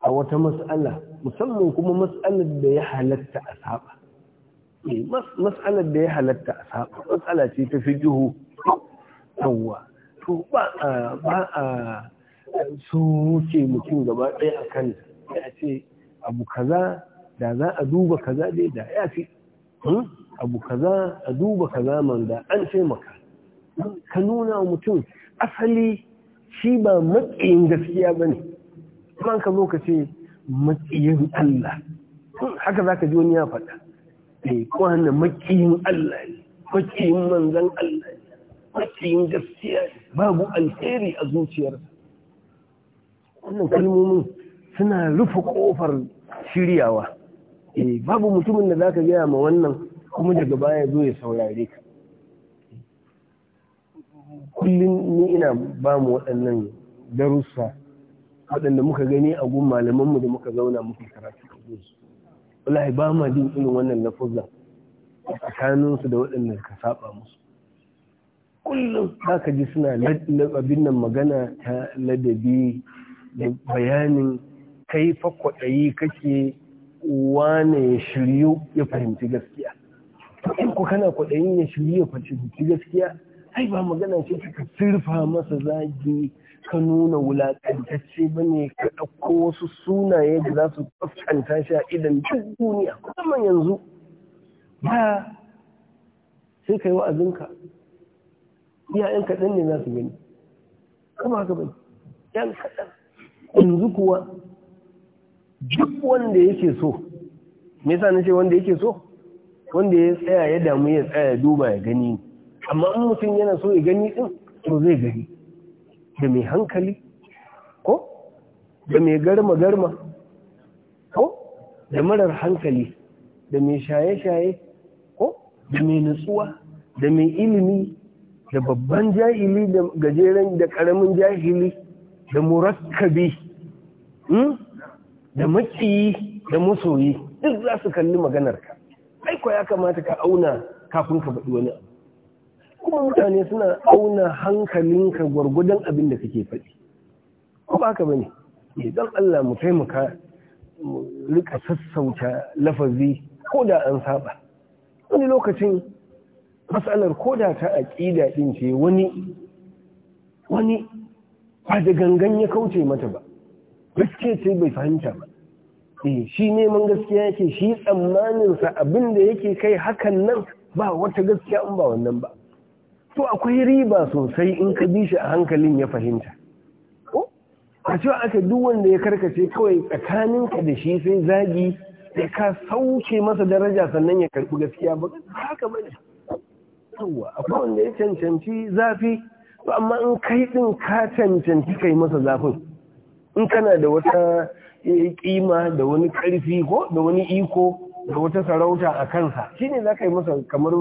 a wata mas'ala musamman kuma mas'alar da ya halatta a saba eh, mas'alar da ya halatta a saba mas'ala ce ta fi jihu yawwa to ba a ba a mutum gaba ɗaya a kan a ce abu kaza da za a duba kaza dai da ya fi hmm? abu kaza a duba kaza man da an taimaka hmm? ka nuna wa mutum asali shi ba matsayin gaskiya ba ne kuma ka zo ka ce matsayin Allah hmm? haka za ka ji wani ya faɗa eh kwana matsayin Allah ne matsayin manzan Allah ne matsayin gaskiya ne babu alheri a zuciyarsa wannan kalmomin suna rufe ƙofar shiryawa eh babu mutumin da zaka gaya ma wannan kuma daga baya zo ya saurare ka kullum ni ina ba mu waɗannan darussa waɗanda muka gani a gun malamanmu da muka zauna muka karatu a gun su wallahi ba ma jin irin wannan lafuzan tsakaninsu da waɗanda ka saba musu kullum za ka ji suna abin nan magana ta ladabi da bayanin kai fa kwaɗayi kake wane ya shiryu ya fahimci gaskiya in ku kana kwaɗayin ya shiryu ya fahimci gaskiya ai ba magana ce ka sirfa masa zagi ka nuna wulaƙantacce ba ne ka ɗauko wasu sunaye da za su tsafkanta shi a idan duk duniya musamman yanzu ba sai ka yi wa'azinka iyayen kaɗan ne za su gani kama haka bai yan kaɗan yanzu kuwa duk wanda yake so me yasa nace wanda yake so wanda ya tsaya ya damu ya tsaya duba ya gani amma in mutum yana so ya gani din to zai gani da mai hankali ko da mai garma garma ko da marar hankali da mai shaye-shaye ko da mai nutsuwa da mai ilimi da babban jahili da gajeren da karamin jahili da murakkabi hmm? da makiyi da masoyi duk za su kalli maganarka ka ko ya kamata ka auna kafin ka faɗi wani abu kuma mutane suna auna hankalinka gwargwadon abin da kake faɗi ko ba ka ba ne? Eh, don Allah mu taimaka mu rika sassauta lafazi ko da an saba wani lokacin matsalar ko da ta aƙida ɗin ce wani wani ba da gangan ya kauce mata ba gaske ce bai fahimta ba eh shi neman gaskiya yake shi tsammaninsa abin da yake kai hakan nan ba wata gaskiya in ba wannan ba to akwai riba sosai in ka bi shi a hankalin ya fahimta ko a cewa aka duk wanda ya karkace kawai tsakaninka da shi sai zagi da ka sauke masa daraja sannan ya karbi gaskiya ba haka bane yawa akwai wanda ya cancanci zafi to amma in kai ɗin ka cancanci kai masa zafin in kana da wata eh, kima da wani karfi ko da wani iko da wata sarauta a kansa shine za ka yi masa kamar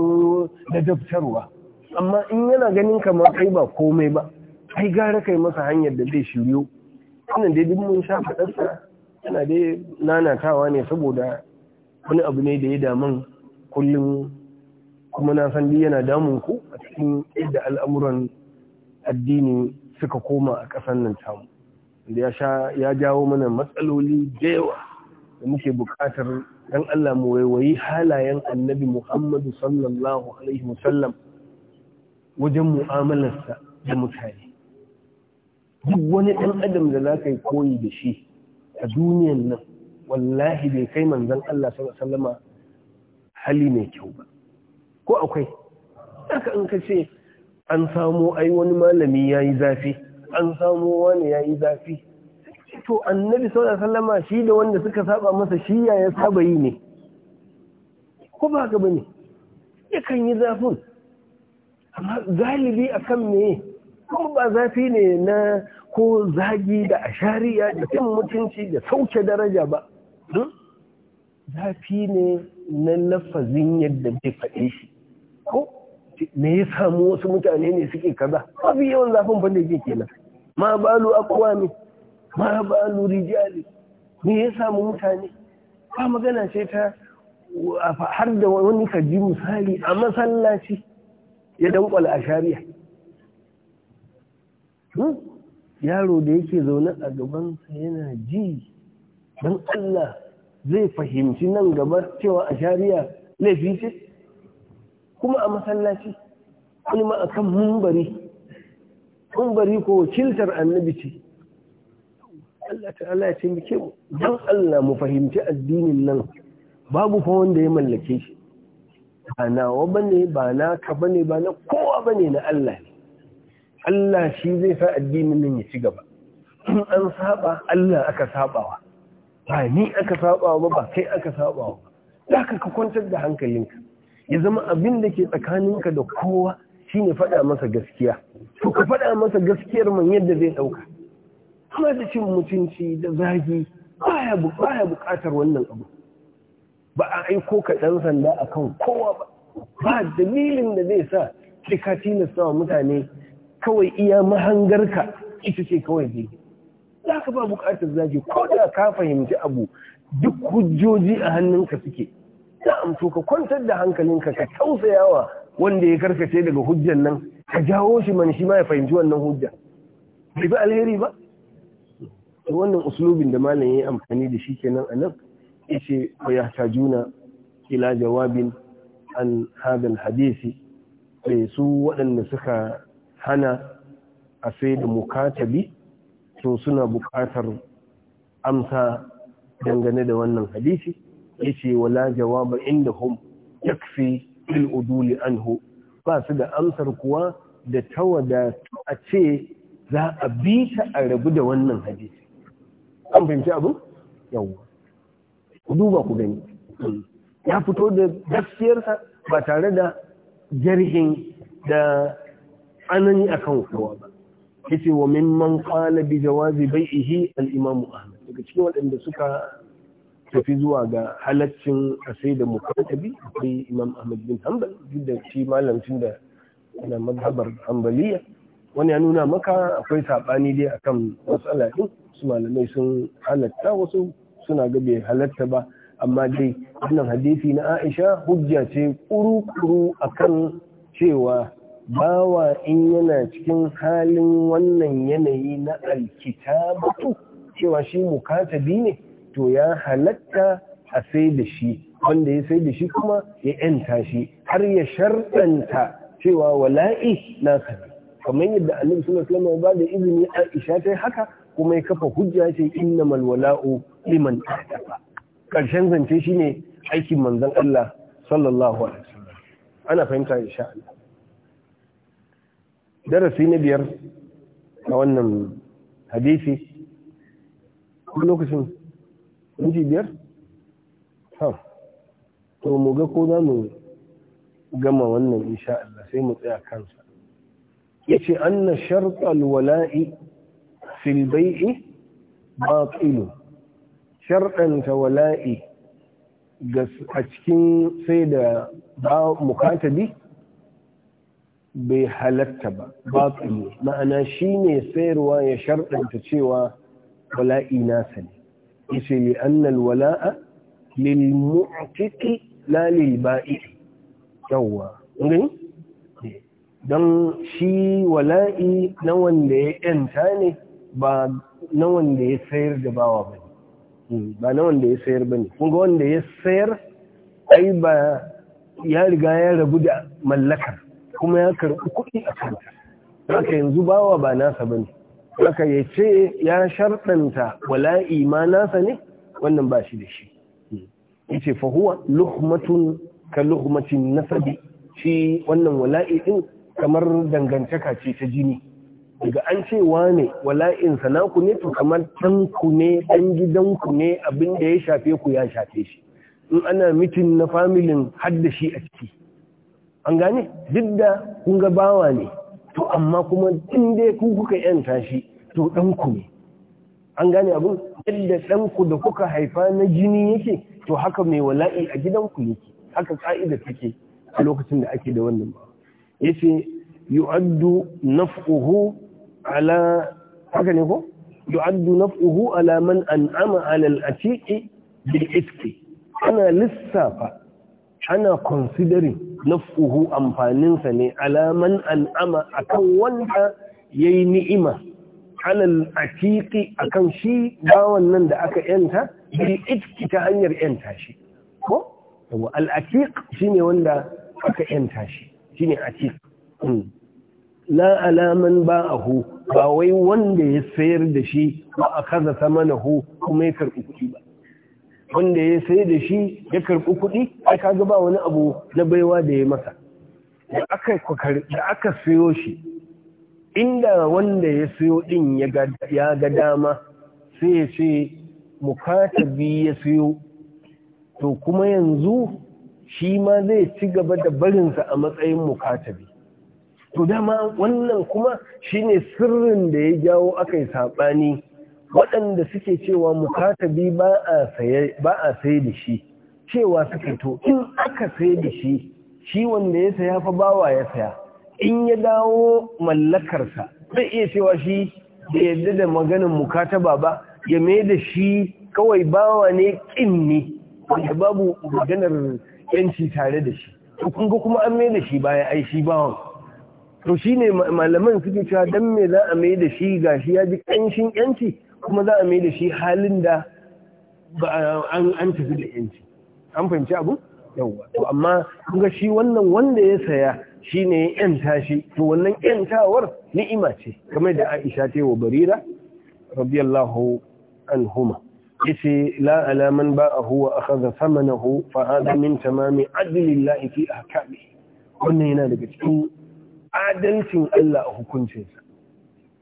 da daftarwa amma in yana ganin kamar kai ba komai ba ai gara kai masa hanyar da zai shiryo wannan dai duk mun sha faɗarsa yana dai nanatawa ne saboda wani abu ne da ya damun kullum kuma na san dai yana damun ku a cikin yadda al'amuran addini suka koma a ƙasar nan tamu da ya sha ya jawo mana matsaloli da yawa da muke buƙatar dan Allah mu waiwayi halayen annabi Muhammadu sallallahu alaihi wasallam wajen mu'amalarsa da mutane duk wani ɗan adam da za ka yi koyi da shi a duniyan nan wallahi bai kai manzon Allah sallallahu alaihi hali mai kyau ba ko akwai haka in ka ce an samo ai wani malami yayi zafi an samu wani ya yi zafi to annabi sau da sallama shi da wanda suka saba masa shi ya saba yi ne ko ba haka bane kan yi zafin amma galibi akan me ko ba zafi ne na ko zagi da ashariya da cin mutunci da sauke daraja ba hmm? zafi ne na lafazin yadda bai faɗe shi ko me ya samu wasu mutane ne suke kaza mafi yawan zafin bane ke ke kenan ma balu akwami ma balu rijali me ya samu mutane ba magana ce ta har da wani ka ji misali a masallaci ya dankwala a shari'a hmm? yaro da yake zaune a gabansa yana ji don Allah zai fahimci nan gaba cewa a shari'a laifi ce kuma a masallaci wani ma a kan mumbari Tumbari ko wakiltar annabi ce Allah ta'ala ya ce mu don Allah mu fahimci addinin nan babu fa wanda ya mallake shi ba wa bane ba naka bane ba na kowa bane na Allah ne Allah shi zai sa addinin nan ya ci gaba in an saba Allah aka sabawa ba ni aka sabawa ba ba kai aka sabawa ba zaka ka kwantar da hankalinka ya zama abin da ke tsakaninka da kowa Shi ne faɗa masa gaskiya to ka faɗa masa gaskiyar man yadda zai ɗauka kuma da cin mutunci da zagi baya buƙatar wannan abu ba a aiko ka ɗan sanda a kan kowa ba ba dalilin da zai sa ke ka tilasta wa mutane kawai iya mahangarka ita ce kawai zai za ka ba buƙatar zagi ko da ka fahimci abu duk hujjoji a hannunka suke za amso ka kwantar da hankalinka ka tausayawa wanda ya karkace daga hujjan nan ka jawo shi man shi ma ya fahimci wannan hujja bai bi alheri ba wannan uslubin da malam yayi amfani da shi kenan anan yace wa yahtajuna ila jawabin an hadha alhadisi sai eh, su waɗanda suka hana a sai da mukatabi to suna buƙatar amsa dangane da wannan hadisi yace wala jawaba indahum yakfi bil uduli anhu ba su da amsar kuwa da ta wadatu a ce za a bi ta a rabu da wannan hadisi an fahimci abu yawa ku duba ku gani ya fito da gaskiyarsa ba tare da jirgin da tsanani akan kowa ba yace wa mimman qala bi jawazi bai'ihi al-imam ahmad daga cikin waɗanda suka tafi zuwa ga halaccin a sai da mukartabi akwai imam ahmad bin hanbal duk da shi malamcin da yana mazhabar hanbaliya wani ya nuna maka akwai saɓani dai akan matsala din. su malamai sun halatta wasu suna ga bai halatta ba amma dai wannan hadisi na aisha hujja ce kuru-kuru akan cewa bawa in yana cikin halin wannan yanayi na alkitabatu cewa shi mukatabi ne to ya halatta a sai da shi wanda ya sai da shi kuma ya yanta shi har ya sharɗanta cewa wala'i na kare. kamar yadda annabi sallallahu alaihi wasallam ba da izini Aisha ta haka kuma ya kafa hujja ce innamal wala'u liman taqa karshen zance shine aikin manzon Allah sallallahu alaihi wasallam ana fahimta insha Allah darasi na biyar a wannan hadisi lokacin inji biyar? ha to mu ga ko za mu gama wannan insha Allah sai mu tsaya kansa yace anna sharɗar wala'i filbai'i ba batil shartan wala'i a cikin sai da ba mukatabi bai halatta ba Ba batil ma'ana shi ne sayarwa ya sharɗanta cewa wala'i nasa ne yace li anna alwala'a lil mu'tiqi la lil ba'i yawa ngani eh, dan shi wala'i na wanda ya yanta ne ba na wanda ya sayar da bawa ba hmm, ba na wanda ya sayar ba ne kunga wanda ya sayar ai ba ya riga ya rabu da mallakar kuma ya karɓi kuɗi a kanta haka yanzu bawa ba nasa ba ne haka ya ce ya sharɗanta wala'i ma nasa ne wannan ba shi da shi ya ce fahuwa luhmatun ka luhmatin nasabi shi wannan wala'i ɗin kamar dangantaka ce ta jini daga an ce wane wala'in sanaku ne to kamar tanku ne ɗan gidanku ne abin da ya shafe ku ya shafe shi in ana mitin na familin hadda shi a ciki an gane duk da kun ga bawa ne to amma kuma in dai ku kuka yanta shi to ɗanku ne an gane abin yadda ɗanku da kuka haifa na jini yake to haka mai wala'i a gidanku yake haka ka'ida take a lokacin da ake da wannan ba yace yu'addu naf'uhu ala haka ne ko yu'addu naf'uhu ala man an'ama ala al-atiqi bil ana lissafa ana considering nafuhu amfaninsa ne alaman al'ama akan wanda ya yi ni'ima alal atiki akan shi bawan nan da aka yanta bil itki ta hanyar yanta shi ko yawa al shi ne wanda aka yanta shi shi ne atiq hmm. la alaman hu, ba wai wanda ya sayar da shi ba a kaza hu kuma ya karɓi kuɗi ba wanda ya sai da shi ya karɓi kuɗi ai ka ba wani abu na baiwa da ya masa da aka da siyo shi inda wanda ya siyo ɗin ya ga dama sai ya ce mukatabi ya siyo to kuma yanzu shi ma zai ci gaba da barinsa a matsayin mukatabi to dama wannan kuma shine sirrin da ya jawo aka yi saɓani waɗanda suke cewa mukatabi ba a sai da shi cewa suka to in aka sai da shi shi wanda ya saya fa bawa ya saya in ya dawo mallakarsa zai iya cewa shi da yadda da maganin mukataba ba ya mai da shi kawai bawa ne kin ne wanda babu maganar yanci tare da shi to kuma an mai da shi baya ai shi bawan to shine malaman suke cewa dan me za a mai da shi gashi ya ji kanshin yanci kuma za a mai da shi halin da an tafi da yanci an fahimci abu yawwa to amma ga shi wannan wanda ya saya shine ne ya yanta shi to wannan yantawar ni'ima ce kamar da aisha ta yi wa barira radiyallahu anhuma yace la ala huwa ba'ahu wa akhadha thamanahu fa hada min tamami adlillahi fi ahkamihi wannan yana daga cikin adalcin Allah a hukuncinsa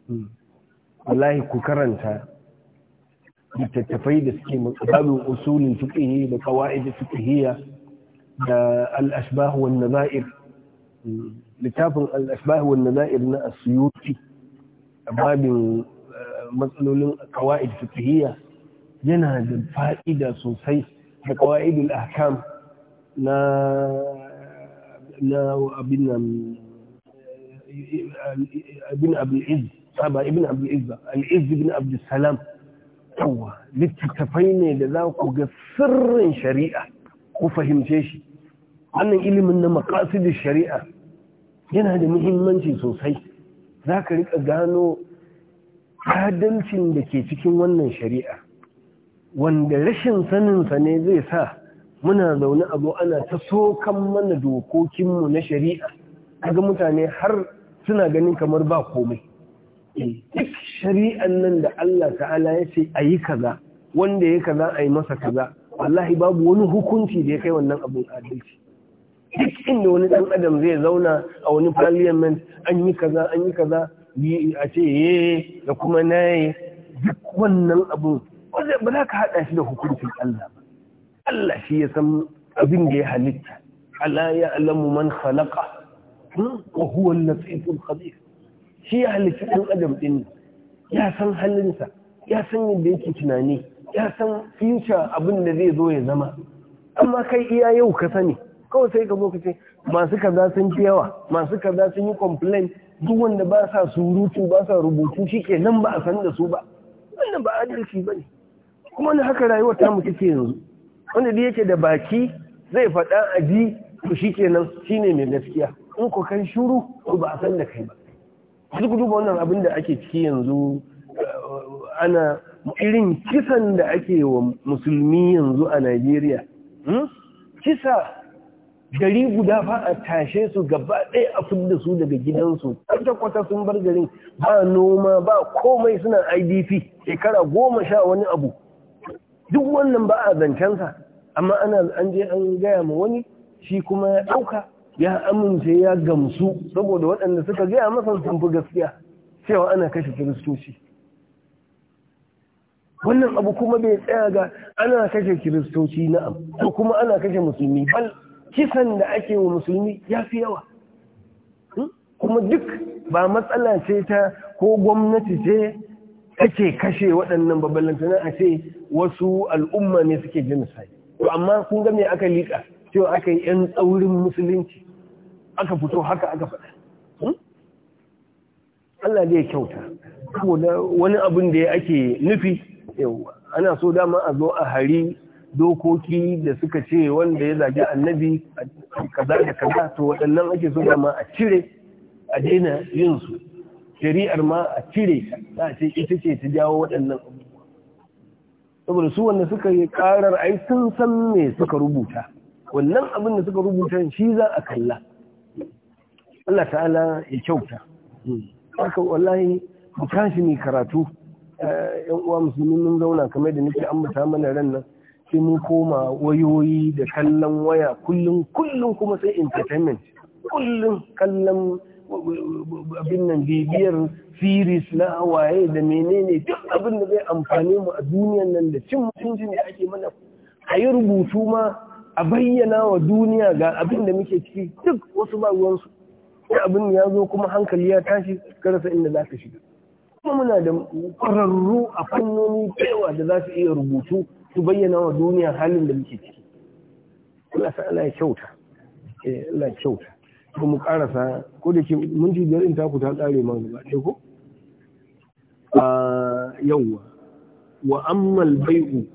hmm. wallahi ku karanta لتفيد السكيم باب الاصول الفقهيه لقواعد الفقهية الأشباه والنظائر لتاب الأشباه والنظائر السيوطي باب مسألة قواعد فقهية جنها فائدة صوصي لقواعد الأحكام لا لا أبنا ابن ابي العز ابن ابي العز العز بن عبد السلام yawa littattafai ne da za ku ga sirrin shari'a ku fahimce shi wannan ilimin na makasidin shari'a yana da muhimmanci sosai za ka riƙa gano adalcin da ke cikin wannan shari'a wanda rashin saninsa ne zai sa muna zaune abu ana ta so-kan mana dokokinmu na shari'a kaga mutane har suna ganin kamar ba komai duk shari'an nan da Allah ta'ala ya ce a yi kaza wanda ya kaza a yi masa kaza wallahi babu wani hukunci da ya kai wannan abin adalci duk inda wani dan adam zai zauna a wani parliament an yi kaza an yi kaza a ce ye da kuma naye duk wannan abin ba za ka haɗa shi da hukuncin Allah ba Allah shi ya san abin da ya halitta Allah ya alamu man khalaqa hmm? wa huwa al al khabir shi ya halitta ɗan adam ɗin ya san halinsa ya san yadda yake tunani ya san future abin da zai zo ya zama amma kai iya yau ka sani kawai sai ka zo ka ce masu kaza sun fi yawa masu kaza sun yi complain duk wanda ba sa surutu ba sa rubutu shi ke nan ba a san da su ba wannan ba adalci ba ne kuma wani haka rayuwar mutu ke yanzu wanda da yake da baki zai faɗa a ji to shi ke nan, shi ne mai gaskiya in ku kai shuru to ba a san da kai ba duk duba wannan abin da ake ciki yanzu ana irin kisan da ake wa musulmi yanzu a Najeriya hmm? kisa gari guda fa a tashe su gaba ɗaya a fidda su daga gidansu kwata-kwata sun bar garin ba noma ba komai suna idp shekara goma sha wani abu duk wannan ba a zancensa amma ana an je an gaya ma wani shi kuma ya ɗauka ya amince ya gamsu saboda waɗanda suka gaya masa sun fi gaskiya cewa ana kashe kiristoci wannan abu kuma bai tsaya ga ana kashe kiristoci na'am ko kuma ana kashe musulmi bal kisan da ake wa musulmi ya fi yawa hmm? kuma duk ba matsala ce ta ko gwamnati ce ake kashe waɗannan babbalantana a ce wasu al'umma ne suke jin to amma kun ga aka liƙa cewa aka yi 'yan tsaurin musulunci aka fito haka aka faɗa hmm? Allah zai kyauta saboda wani abin da ake nufi yawa ana so dama a zo a hari dokoki da suka ce wanda ya zagi annabi kaza da kaza to waɗannan ake so dama a cire a daina yin su shari'ar ma a cire ta ce ita ce ta jawo waɗannan saboda su wanda suka yi karar ai sun san me suka rubuta wannan abin da suka rubuta shi za a kalla Allah ta'ala ya kyauta Aka wallahi mutashi ne karatu eh, yan uwa musulmi mun zauna kamar da nake ambata mana ran nan sai mun koma wayoyi da kallon waya kullum kullum kuma sai entertainment kullum kallon abin nan bibiyar series na waye da menene duk abin da zai amfane mu a duniyan nan da cin mutunci ne ake mana a yi rubutu ma a bayyana wa duniya ga abin da muke ciki duk wasu ba ruwansu da abin ya zo kuma hankali ya tashi ka rasa inda za ka shiga kuma muna da ƙwararru a fannoni cewa da za su iya rubutu su bayyana wa duniya halin da muke ciki Allah sa Allah ya kyauta eh Allah ya kyauta ko mu karasa ko da ke minti biyar in taku ta kare ma gaba ɗaya ko ah, yawwa wa ammal bai'u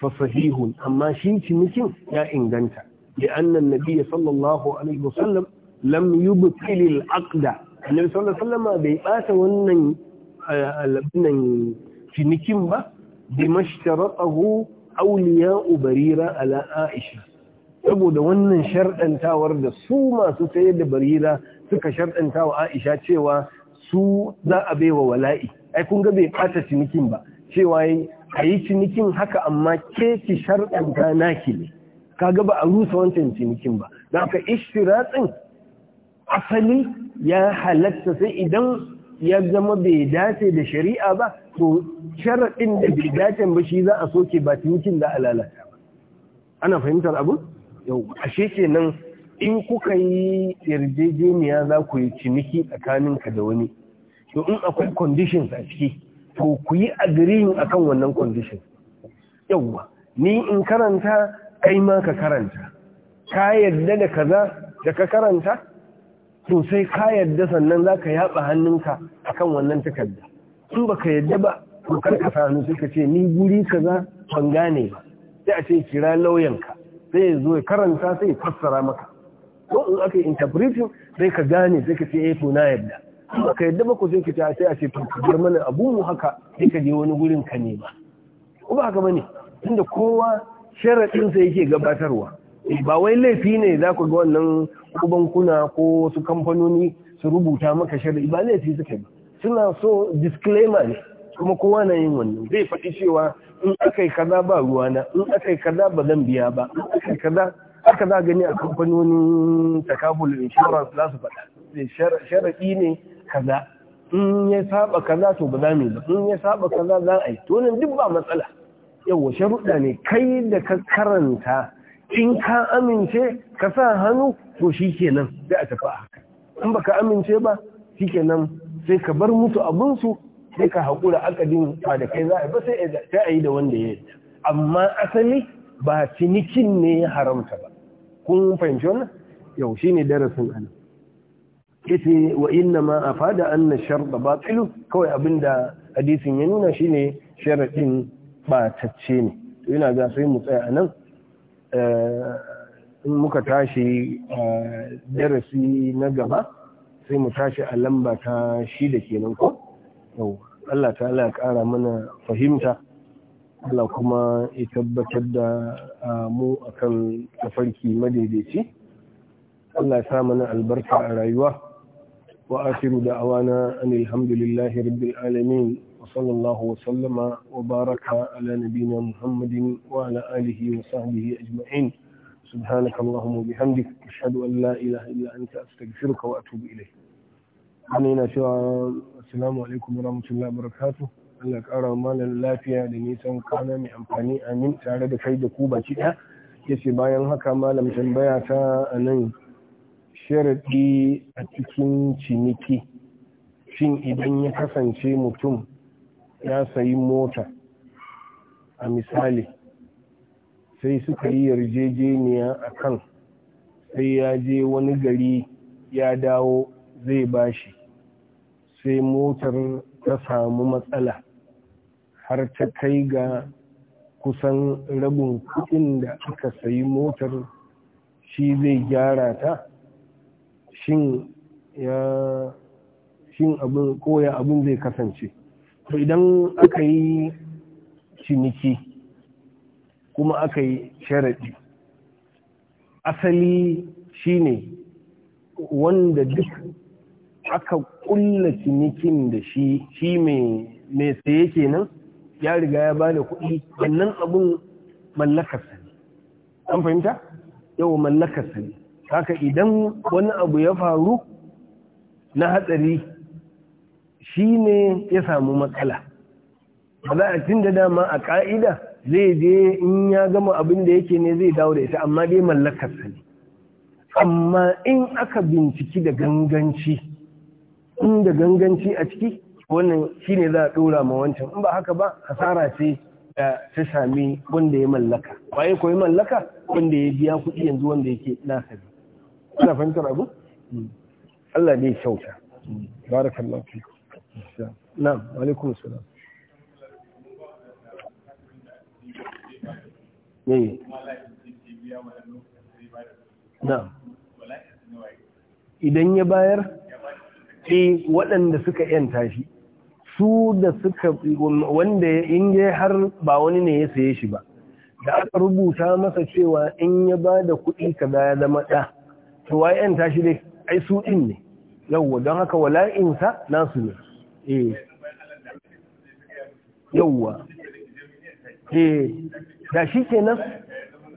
fa sahihun amma shi cinikin ya inganta لأن النبي صلى sallallahu alaihi wasallam lam yubtil al-aqda annabi sallallahu alaihi bai bata wannan eh, alabinan cinikin ba bi mashtaratahu awliya barira ala aisha saboda wannan sharɗantawar da su masu sayar da barira suka sharɗanta aisha cewa su za a baiwa wala'i ai kun ga bai bata cinikin ba cewa a yi cinikin haka amma ke ki sharɗanta naki ne kaga ba a rusa wancan cinikin ba da aka ratsin. asali ya halatta sai idan ya zama bai dace da shari'a ba to sharaɗin da bai dace ba shi za a soke ba tukin da alalata ba ana fahimtar abu yau ashe nan in kuka yi yarjejeniya za ku yi ciniki tsakaninka da wani to in akwai conditions a ciki to ku yi agreeing akan wannan conditions yauwa ni in karanta kai ma ka karanta ka yarda da kaza da ka karanta to sai ka yadda sannan za ka yaba hannunka akan wannan takarda in ba ka yadda ba to kar ka sanu sai ka ce ni guri ka za ban gane ba sai a ce kira lauyanka sai ya zo ya karanta sai ya fassara maka ko in aka yi interpreting sai ka gane sai ka ce eh to na yadda ba ka yadda ba ko sai ka ce sai a ce to mana abu mu haka sai ka je wani gurin ka ba, ko ba haka bane tunda kowa sharaɗinsa yake gabatarwa Eh, ba wai laifi ne za ku ga wannan ko bankuna ko wasu kamfanoni su rubuta maka shari'i ba laifi suka yi suna so disclaimer ne kuma kowa na yin wannan zai faɗi cewa in aka yi kaza ba ruwana in aka yi kaza ba zan biya ba in aka yi kaza aka za gani a kamfanonin takabul insurance za su faɗa eh, sharaɗi ne kaza in ya saba kaza to ba za mu ba in ya saba kaza za a yi to nan duk ba matsala yawa sharuɗa ne kai da ka karanta in ka amince ka sa hannu to shi ke nan, sai a tafi a haka in ba ka amince ba shi ke nan, sai ka bar musu abinsu sai ka haƙura akadin ba da kai za a yi ba sai a yi da wanda ya yi. amma asali ba cinikin ne ya haramta ba kun fahimci wannan yau shi ne darasin ana ita wa inna ma a fada an na sharɗa batilu kawai abin da hadisin ya nuna shi ne sharaɗin batacce ne to yana ga sai mu tsaya a nan Eh, in muka tashi eh, darasi na gaba sai mu tashi a lamba ta shida kenan ko Allah ta Allah kara mana fahimta Allah kuma ya tabbatar da mu akan tafarki madaidaici Allah ya sa mana albarka a rayuwa wa asiru da awana alhamdulillahi rabbil alamin وصلى الله وسلم وبارك على نبينا محمد وعلى آله وصحبه أجمعين سبحانك اللهم وبحمدك أشهد أن لا إله إلا أنت أستغفرك وأتوب إليك أمين شاء السلام عليكم ورحمة الله وبركاته Allah ƙara mana lafiya da nisan kwana mai amfani amin tare da kai da ku baki ɗaya ya ce bayan haka malam tambaya ta a nan sharaɗi a cikin ciniki shin idan ya kasance mutum ya sayi mota a misali sai suka yi yarjejeniya a kan sai ya je wani gari ya dawo zai bashi sai motar ta samu matsala har ta kai ga kusan rabin kuɗin da aka sayi motar shi zai gyara ta shin abin koya abin zai kasance to idan aka yi ciniki kuma aka yi sharaɗi asali shine wanda duk aka ƙulla cinikin da shi shi mai saye kenan ya riga ya ba da kuɗi wannan abun mallakarsa ne an fahimta yau mallakarsa ne haka idan wani abu ya faru na hatsari shi ne ya samu matsala ba za a cin da dama a ƙa'ida zai je in ya gama abin da yake ne zai dawo da ita amma dai mallakarsa ne amma in aka binciki da ganganci in da ganganci a ciki wannan shi ne za a ɗora ma wancan in ba haka ba hasara ce da ta sami wanda ya mallaka waye koyi mallaka wanda ya biya kuɗi yanzu wanda yake nasa ne Ana fahimtar abu hmm. Allah ne kyauta hmm. barakallahu fiku نعم alaikum السلام نعم idan ya bayar eh, waɗanda suka yanta shi su da suka wanda in ya har ba wani ne ya saye shi ba da aka rubuta masa cewa in ya ba da kuɗi kaza ya zama ɗa to wa yanta shi dai ai su ɗin ne yawwa don haka wala'insa nasu ne Eh. yauwa yawwa eh da shi kenan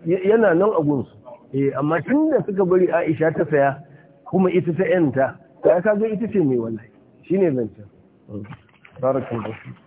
yana nan a gunsu eh, amma tun da suka bari Aisha ta saya kuma ita ta yanta ta zai ita ce mai wallahi shine zancen barakallahu